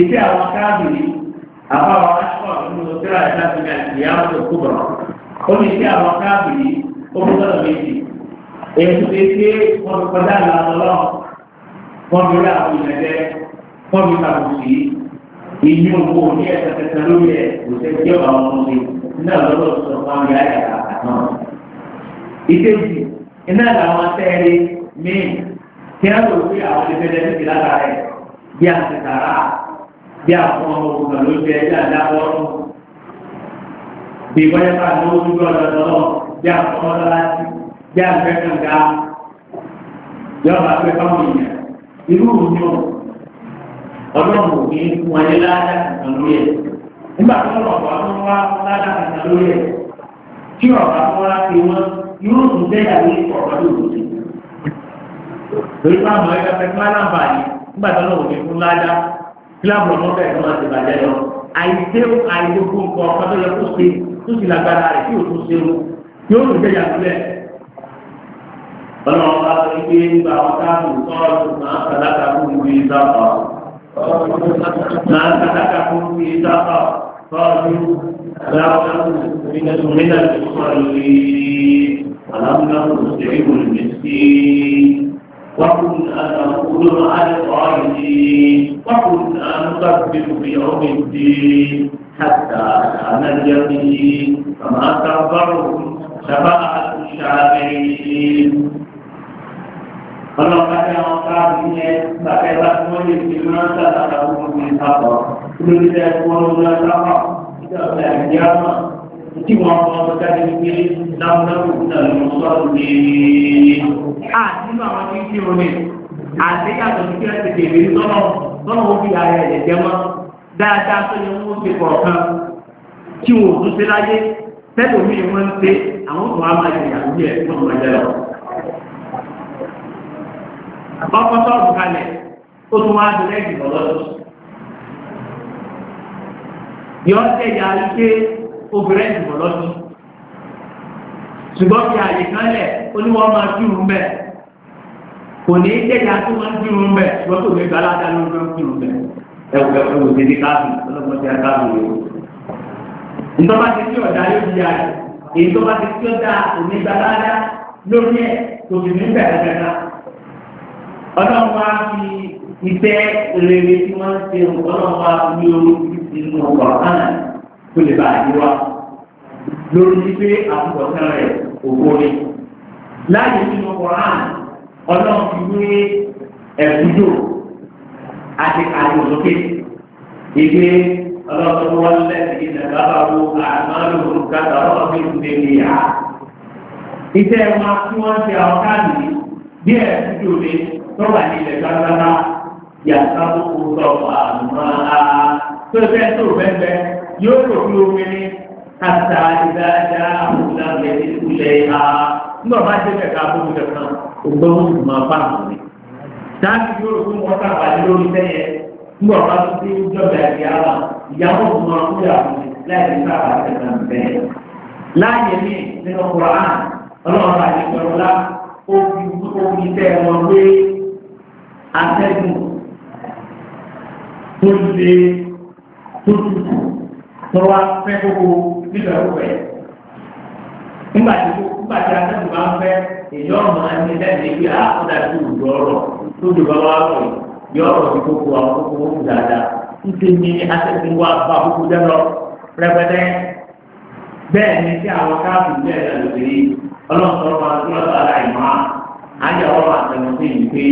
iṣẹ́ àwọn káàdì yìí àwọn àwọn aṣọ nínú tíra ẹ̀dá fi náà ìyá ọ̀sẹ̀ kúbọ̀rọ̀ ó ní sí àwọn káàbìrì ọmọdé méjì èyí tó ṣe wọn fi kọjá ìlànà ọlọ́run wọn fi rí àwọn ìrẹ̀lẹ̀ wọn fi kàbùsì ìní owó ní ẹ̀sẹ̀ tẹ̀tẹ̀ lórí ẹ̀ kò sẹ́ jẹ́ àwọn ọmọ mi iná lọ́wọ́ sọ fún àwọn yàrá yàrá àtàn. ìkejì iná làwọn tẹ́ẹ̀rẹ́ míì kí á lò pé àwọn ìfẹ́lẹ́ ti fi lára rẹ̀ bí àti tààrà bí àwọn ọmọ òkùnkà ló jẹ ẹgbẹ́ àdáwọ́ bí wọ́n bá ní ojú ọ̀dọ̀ lọ́wọ́ bí àwọn ọmọ lọ́la sí bí àgbẹ̀ kànga yọ̀ọ̀ bá fẹ́ fáwọn èèyàn irú òun yóò ọlọ́run ò ní fún ẹni ládàá kan lórí ẹ̀ nígbà tó lọ́wọ́ àwọn wá ládàá kan lórí ẹ̀ tí ọ̀rọ̀ àwọn wá fi wọ́n irú òun bẹ́ẹ̀ lórí ọ̀rọ̀ lòdì sí lórí fáwọn ẹgbẹ́ fẹ́ fún aláǹfààní nígbà tó lọ́wọ́ ò fún ládàá kíláàbù ọmọ bẹ́ẹ̀ ló máa ti bàjẹ́ lọ àìsè àìdókò nǹkan ọkọ tó yẹ kó ṣe tó sì lágbára rẹ̀ tí òtún ṣe o yóò tún jẹjà sílẹ̀. ọlọ́run bá sọ pé nígbà wọn káàbù sọ́ọ̀rù máa sàdáka fún mi ní sáfà máa sàdáka fún mi ní sáfà sọ́ọ̀rù láwọn mìíràn tó sọ̀rọ̀ lórí alámúnáwó ṣe é wò lè sí وكنا نقول على الظالمين وكنا نكذب بيوم الدين حتى أتانا اليقين فما تنفعهم شفاعة الشافعين Kalau kata orang kafirnya, pakai bahasa yang dimana tak ada hukum di sana. Kalau tidak, kalau tidak sama, tidak ada jamaah tí wọ́n mọ́ ọ̀dájú pé dáúdáwò náà lọ sọ́rọ̀ ní àdínú àwọn tí kí omi àdéyàtọ̀ tí kí ẹ ti bèbè tọ́nà tọ́nà ó fi ara ẹ̀ jẹ́ mọ́ dáadáa tó yẹ wọ́n ti kọ̀ọ̀kan tí wọ́n tún ṣe láyé tẹ́lẹ̀ omi ni wọ́n ń ṣe àwọn tó wàá máa yẹ̀yà lórí ẹ̀ fún ọmọ ẹ̀jẹ̀ lọ. àkọ́kọ́ sọ́ọ̀bù kalẹ̀ ó tún wá dúró ẹ̀jẹ̀ lọ́wọ́ obìnrin ìdìbò lọ́dún ṣùgbọ́n fi àyè kan lẹ̀ oníwọ́n máa dùn bẹ́ẹ̀ kò ní í tẹ̀yà tó máa dùn bẹ́ẹ̀ ṣùgbọ́n tó lè gba aládàá ló máa dùn bẹ́ẹ̀ ẹ̀wù ẹ̀wù ẹ̀wù ti di káàbù ọlọ́mọ ti káàbù yìí ìtọ́ba ti tí ọ̀dà yóò di àyè èyí tó bá ti tí ọ̀dà òní gba aládàá lórí ẹ̀ kò sì ní bẹ̀rẹ̀ bẹ̀rẹ̀ ọlọ́run wá fi iṣẹ́ rere tí wọ́n ń kó lè bá àdúrà lórí wípé àbúkọ̀tán rẹ̀ òwò ni. láàyè nínú koran ọlọ́run ti wé ẹ̀kúndò àti àdùnsókè ìgbé ọlọ́run wọn lẹ́sìn ìdàgbàbàwò àmàlù olùkàtà ọlọ́run ti lè lè yá. iṣẹ́ wọn tí wọ́n ṣe àwọn káàdì bí ẹ̀kúndò ni tó wà ní ilẹ̀ gbàgbàgbà yàtọ̀ òkú àmọ́ a tó fẹ́ tó fẹ́ fẹ́ yóò kò fi omi ní kàtà ìdájá àbúlá lẹ́yìn ìkúlẹ̀ ìhà nígbà bá ṣe kẹ̀kẹ́ abúlé kankan ògbọ́n ó sì máa bá àwọn ni. dáàbì yóò fún wọn káàbà ní lórí sẹ́yẹ nígbà bá tún dé ìjọba ẹ̀dì ara ìyàwó fún wọn kúrò àwọn láì ní káàbà kankan bẹ́ẹ̀. láàyè mi nínú Kùránì ọlọ́run àdìgbọ́lá ó fi omi tẹ́ wọn wé atẹ́gùn tó le tó tutù wọ́n wá fẹ́ gbogbo nígbà tó fẹ́. nígbà tí nígbà tí akẹ́kọ̀ọ́ bá ń fẹ́ èyí ọ̀rọ̀ máa ń ní lẹ́nu ibi àkọ́dà tó dùn ọ̀rọ̀ tó dùn bá wà rọ̀ yọ ọ̀rọ̀ ti kókó àkókò ó kù dáadáa níṣẹ́ ni akẹ́kọ̀ọ́ wa bá kókó dẹ́ lọ rẹpẹtẹ bẹ́ẹ̀ ni tí àwọn káàpù bẹ́ẹ̀ lọ sí ọlọ́sọ̀rọ̀ máa tó lọ́sọ̀ aláìmọ́ àyẹ̀wò àtẹnudẹ́ yìí pé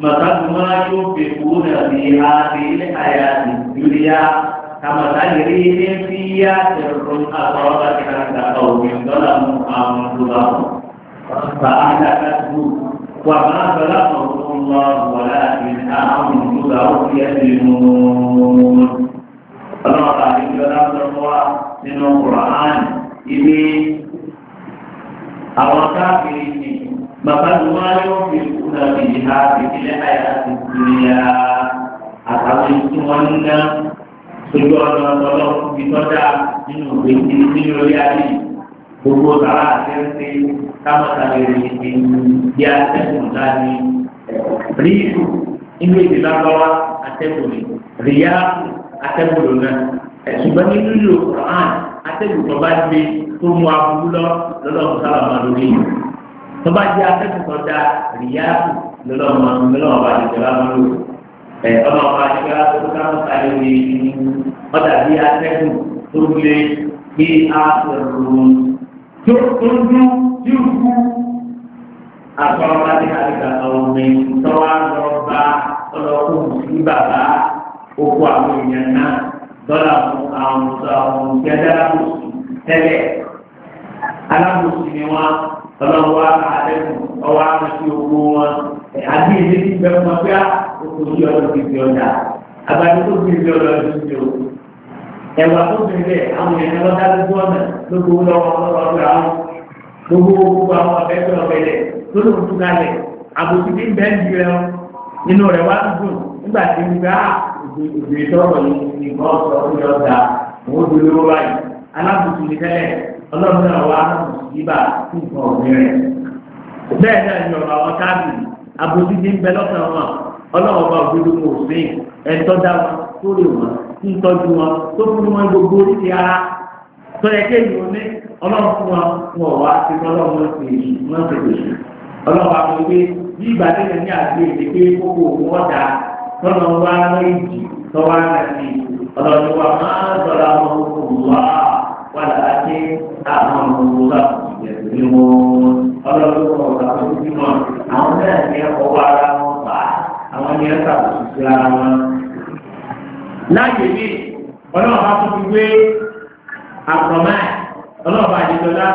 màkàtúmọ́ كمثل ريح فيها سر أصابت حتى قوم ظلموا أنفسهم فأهلكته وما ظلمهم الله ولكن أنفسهم يظلمون الله تعالى يقول nínú Qur'an ibi àwọn káàkiri ni bàbá ni wọ́n yóò fi kúrò ìdíhà ìdílé àyà àti ìdílé àtàwọn ìtumọ̀ nígbà ojú ọ̀nà ọ̀tọ̀lọ́ ibi tọ́jà nínú òwe ti nínú orí ayé gbogbo sàrà àtẹ́sẹ́ kámọ́tàlẹ́ ìrìn bí atẹ́gùn dání ríṣù nínú èdè lágbáwá atẹ́gùn ríyá atẹ́gùn lónà ẹ̀sùnbọ́n nínú ìlú ọ̀hán atẹ́gùn tó bá gbé tó mú aburú lọ lọ́lọ́run sábà máa lórí yìí tó bá jẹ́ atẹ́gùn tó ríyá lọ́lọ́run máa bá lè jẹ́ ọmọ ọba àdìgbà tó káwọn sáré wí ọ̀dà bí atẹ́gùn tó lé bí a sọ̀rọ̀ tó tó dún tí ó kú àtọ́rọ́bá ní àdìgbà ọ̀rọ̀ ìtọ́wá lọ́ba ọlọ́kùn sí bàbá oko àwọn èèyàn náà dọ́là fún àwọn àwọn ìjẹ́dára oṣù tẹ́lẹ̀ alábòsí ni wọ́n ọlọ́wọ́ àdẹ́kùn ọwọ́ àmì sí wọn àbí ìdí ti bẹ̀rù mọ́ pé oko yí ọdún bíbí ọ̀dà agbadé tó bíbí ọ̀dà ọdún tó ẹ̀wà tó bíbí bẹ́ẹ̀ àwọn èèyàn lọ́dá lójú ọ̀nà lóko lọ́wọ́ lọ́wọ́ lọ́wọ́ àwọn gbogbo gbogbo àwọn ọ̀bẹ tó ọ̀bẹ lẹ̀ tó lóun tún kalẹ̀ àbòsí ti ń bẹ́ẹ̀ ń di rẹ nínú rẹ̀ wá dùn nígbà tí ah, ń gbà òbí tọ́rọ̀ yìí ní bọ́ọ̀sì ọ̀dún ọ̀dà òun dùn lówó báyìí alábùsùn ní tẹ́lẹ̀ ọlọ́run náà wá ìbá fún nǹkan ọ̀gbìn rẹ̀ bẹ́ẹ̀ ti ń bẹ lọ́sàn-án wọn ọlọ́run ọba òdodo kò sí ẹ̀tọ́ dá wọn tó lè wọn tí ń tọ́jú wọn tó fún wọn gbogbo ti ara tó yẹ kí èyí wọn ní ọlọ́run fún wọn wọn wá sí ọlọ́run wọn sì wọn sì lè sùn ọlọ́run àti pé bí ìgbà tẹ́lẹ̀ ní àgbé èdè pé kókó òun ọ̀dà tọ́nà wá lẹ́yìn tọ́wá láti ọlọ́run wa máa dọ̀la wọn kò wá wà láti àwọn ọmọ wa ìyẹ̀dùn ní wọn ọlọ́run wọn ọ̀dà tó ti mọ àwọn náà ní ọwọ́ ara wọn àwọn ni ẹ́ta sí ara wọn láyé bí ọlọ́ọ̀bá tó fi wé àpọ̀mọ́ ọlọ́ọ̀bá àdìjọlá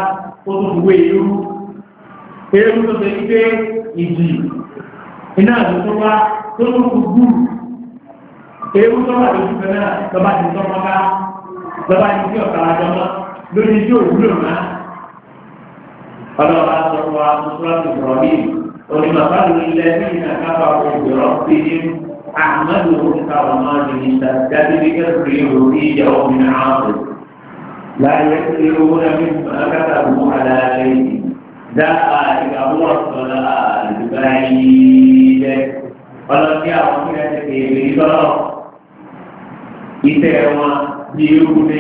ó tó fi wé eérú eérú tó fi gbé ìjì iná àdúgbò wá tó tó fi gbú eérú tó wà lójú fẹ́ náà lọ́ba ti tọ́ mọ́ ká lọ́ba ti fi ọ̀kadà jọ mọ́ lórí ijó òwúlò náà ọlọ́ọ̀bá sọ̀rọ̀ àtúntò àti ìrọ̀lẹ́ yìí. ولمقال الذين كفروا بربهم أعملهم كرمات مستدد بكثره في يوم عاصف لا يكثرون مما كتبوا على شيء ذلك هو الصلاة البعيدة ولم يروا من التكبير ضرر إتعوى بيوم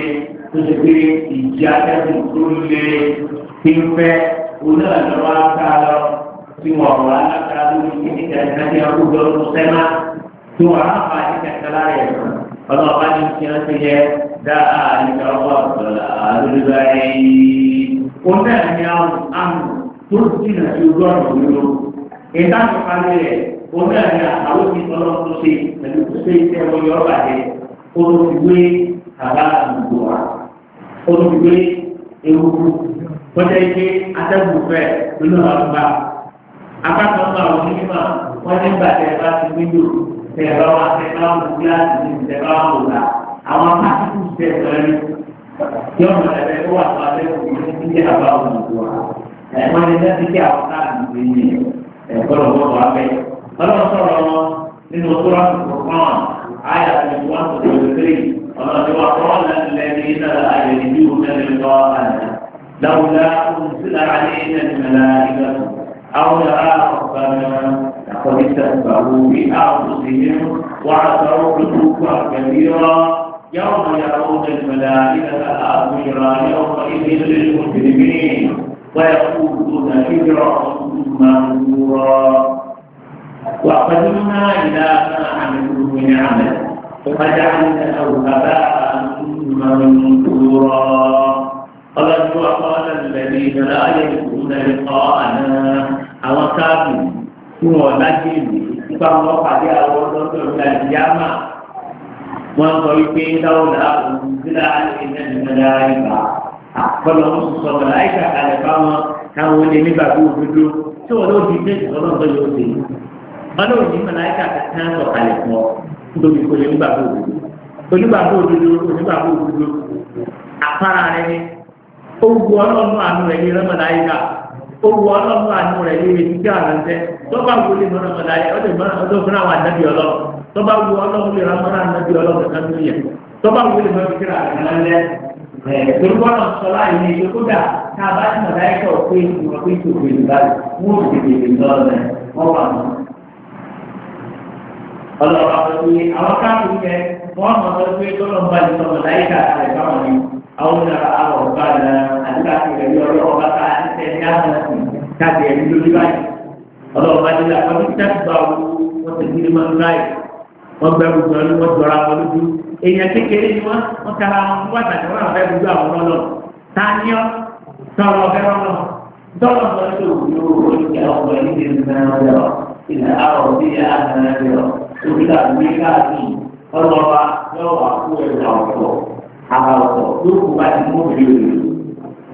تذكر إجاكة كل في فهنا نرى tí wọ́n wà látara lórí kíní kẹ̀kẹ́ tí wọ́n kú lọ́rùn sẹ́mà tí wọ́n á fà ní kẹ̀kẹ́ láyé ọ̀nà ọ̀bá ní kí wọ́n ti yẹ dáa nígbà wọ́n àgbọ̀lá lórí báyìí. ó náà ní àwọn àmì tó ti nà sí ojú ọ̀nà òyìnbó ìdáhùn kalẹ̀ rẹ̀ ó náà ní àwọn òbí tọ́lọ́ tó ṣe pẹ̀lú tó ṣe iṣẹ́ wọn yọ ọ́bà jẹ olùfiwé àbá àdúgbò wa olùfiwé ewu kọjá ike atẹ́gùn fẹ́ lónà àdúgbò apákan máa wọ nígbà wọn nígbà tẹ ẹ bá ti wíńdò tẹ ẹ bá wà tẹ ẹ bá wù gíláàsì ní tẹ ẹ bá wù là àwọn apákan tẹ ẹ lọ rí wà tó abẹ kò ní kí ní àbá wọn lò ní sẹ àwọn káàdì gbé ní ẹ gbọ́dọ̀ gbọ́dọ̀ abẹ Ọlọ́run sọ̀rọ̀ nínú sọ̀rọ̀ àtúntò kan àyà أو يرى ربنا لقد استكبروا بأنفسهم وعثروا عتوا كبيرا يوم يرون الملائكة بشرى يومئذ للمجرمين ويقولون هجرا منثورا وقدمنا إلى ما عملوا من عمل فجعلناه هباء منثورا ọlọ́dún tó akọ́lẹ̀ lẹ́bí ìrọ̀lá ayé ìkùnlẹ̀ ikọ̀ àná àwọn káàbù fún ọ̀dá jìnnì nípa wọn pàdé àwọn ọlọ́dún ìrọ̀lá ìyáàmà wọn sọ wípé dáwọ́dà òǹdílà ìrìnàjìnàlá ìgbà àkọlọ́ ń sọ ọ̀dà ìgbà kalẹ̀ fáwọn táwọn olè nígbà tó dúdú tí wọn ló di bẹ́ẹ̀ ọlọ́dún yóò dé ọlọ́dún ní màláìkà kankan sọ̀kalẹ̀ fún ọ nítorí kò lè nígbà tó dúdú onígbà tó dúdú onígbà tó dúdú àpárá rẹ ni ogun ọlọ́run àánú rẹ̀ ní rẹ́mọ̀láyíká ogun ọlọ́run àánú rẹ̀ ní etí tí àrùn tẹ́ tọ́ba wo lè mọ rẹ́mọ̀láyí ọdẹ ọdún fún àwọn ànábì ọlọ́run tọ́ba wo ọlọ́run lè rámọ́ náà ànábì ọlọ́run kan tó yẹ tọ́ba wo lè mọ fíkìrì àrùn náà lẹ́ torúkọ náà sọ láàyè ní ìṣe kódà tá a bá ti mọ̀láyíká òfin ìwọ̀n pé kò gbèrú báyìí wọ́n ò tètè lè lọ rẹ̀ wọ́n wà mọ́. ọlọ́run àwọn káàkiri àwọn ọ̀nàrà àwọn ọ̀gá ọ̀nà àdúrà ti rẹ̀ ní ọlọ́wọ́ bá ká ẹ̀ ní àwọn ọ̀sìn káàdì ẹ̀mí lórí báyìí ọlọ́wọ́ bá nílẹ̀ àwọn ọ̀sìn tí wọ́n ti gbé wọn láì wọ́n gbẹ gbogbo ọdún wọ́n jọra wọn lójú èèyàn kékeré ni wọ́n wọ́n tara wọn wọ́n tàbí wọ́n fẹ́ gbogbo àwọn ọlọ́ taniọ́ tọrọ ọ̀fẹ́ rọ́nà tọrọ ọ̀fẹ́ rọ́nà ìlà àwọn ọ̀sìn àbàwọ̀ tó kù bá ti kó bèrè òye.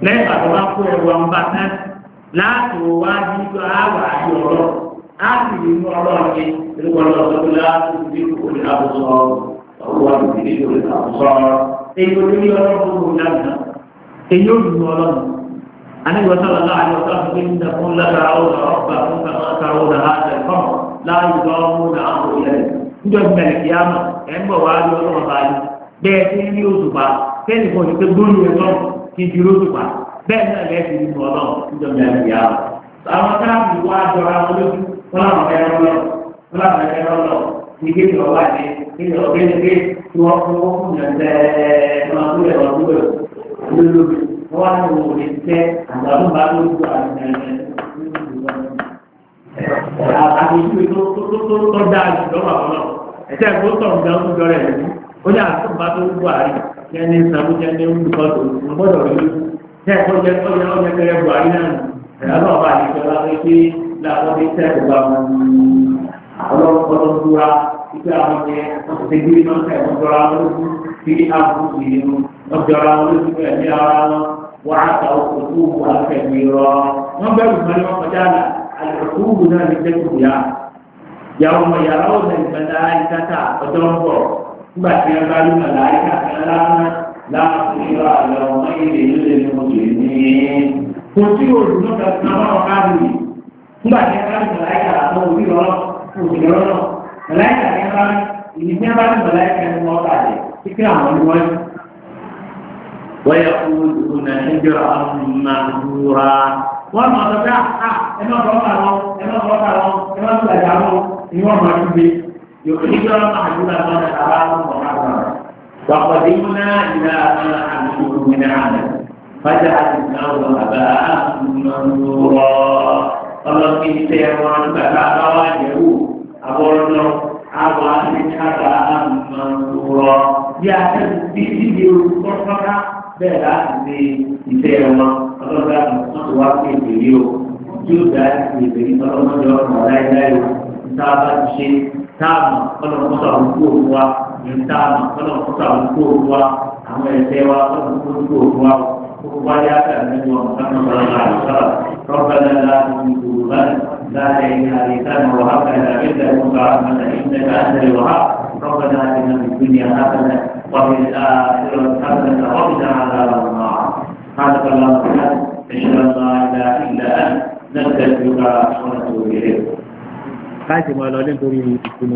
lẹ́yìn bàtà wá kó ẹrù àwọn bàtà láti wá ní ìjọ àwà ayé ọ̀rọ̀ láti lè mú ọlọ́run ní ìrúkọ̀lọ́ ọ̀dọ́gbọ́lá tó ti kó olè àbùsọ ọ̀rọ̀ wà lóde ní olè àbùsọ. èyí ò ní ọlọ́run tó dáná èyí ò ní ọlọ́run. أنا وصلى الله عليه وسلم إن كل دعوة ربكم كما ترون هذا القمر لا يضامون أمر إليه. يوم القيامة أما bẹ́ẹ̀ tí ní òṣùpá kẹ́ni kan ti pé gbóni ẹ̀ lọ́wọ́ kí n fi lóṣùpá bẹ́ẹ̀ náà lẹ́ẹ̀ fi mọ̀ ọlọ́run níjọba ìyá rẹ̀ àwọn táàbù wá jọra wọn lójú wọn làwọn fẹ́ lọ́lọ́ wọn làwọn fẹ́ lọ́lọ́ ìgbé ìlọ wà ní ìlọ gbẹ́gbẹ́ tí wọ́n fún wọn fún yàn bẹ́ẹ̀ máa fún yàn wọn lóye lólóbi wọn wá ní òun lè tẹ àgbàdo bá lójú àwọn ẹ̀ẹ́dẹ́gbẹ̀rún àti ìlú tó dáa jù lọ́wọ́ àwọn náà ẹ̀sẹ̀ ìfowópamọ́ ìdáwó jọrọ ẹ̀ lẹ́yìn ó ní àtúntà tó ń buhari yẹn ní sàmú jẹ́ ní olùkọ́ tó ń gbọ́dọ̀ rí jẹ́ kó jẹ́ kó jẹ́ ọ̀jẹ́ kẹrẹ buhari náà ẹ̀rọ náà bá ti jọ láti pé láwọn ní sẹ́ ìgbà ọlọ́pọ̀lọ́ búra ìgbà àwọn yẹn wọ́n ti gbé iná sẹ́ wọ́n jọra wọn lójú sí àbúrò yìí nù wọ́n jọra wọn lójú ẹ̀mí ara wọn wọ́n á ta òkú wà fẹ̀mí rọ wọ́n bẹ̀rù mọ́ni wọn kọjá là àlùkò wù náà ní sẹ́kù yá yàwọn yàrá ò nígbà tí a bá ní màláìka kan láwọn láwọn ìrọ̀ àlọ́ ọmọ ilé ilé ní mo lè ní. kò sí òdùnú kan kan bá wọn káàdì yìí nígbà tí bá ní màláìka àwọn òbí lọ òbí lọ náà màláìka ni bá ìdí tí a bá ní màláìka ni wọ́n bá jẹ kíkẹ́ àwọn ni wọ́n. wọ́yà kúrò dùnà ìjọra màdúrà wọ́n mọ̀ ọ́ sọ́jà ẹ má bọ́ ọ́ kà lọ ẹ má bọ́ ọ́ kà lọ ẹ má bọ́ ọ́ kà lọ ìwọ́n máa tún gbé. يخرجنا محجوبا حرام وحرام وقدمنا إلى ما عملوا من عمل فجعلناه أباء منظورا فلن يستيقظ بكاء وجهه أقول awal kecelakaan mengurau dia akan dihidup bersama berat di dewa atau dalam suatu video juga diberi pertolongan mulai dari sahabat syekh táàmù ọlọ́run kọ́sà òkú òkú wa ní táàmù ọlọ́run kọ́sà òkú òkú wa àwọn ẹ̀fẹ́ wa ọlọ́run kọ́sà òkú wa gbogbo wa yá kà ní wọn kánú ọlọ́run àlùfáà ربنا لا تزغ قلوبنا بعد إذ هديتنا وهب لنا من لدنك رحمة إنك أنت الوهاب ربنا آتنا في الدنيا حسنة وفي الآخرة حسنة وقنا عذاب النار سبحانك اللهم وبحمدك أشهد أن لا إله إلا أنت نستغفرك ونتوب إليك.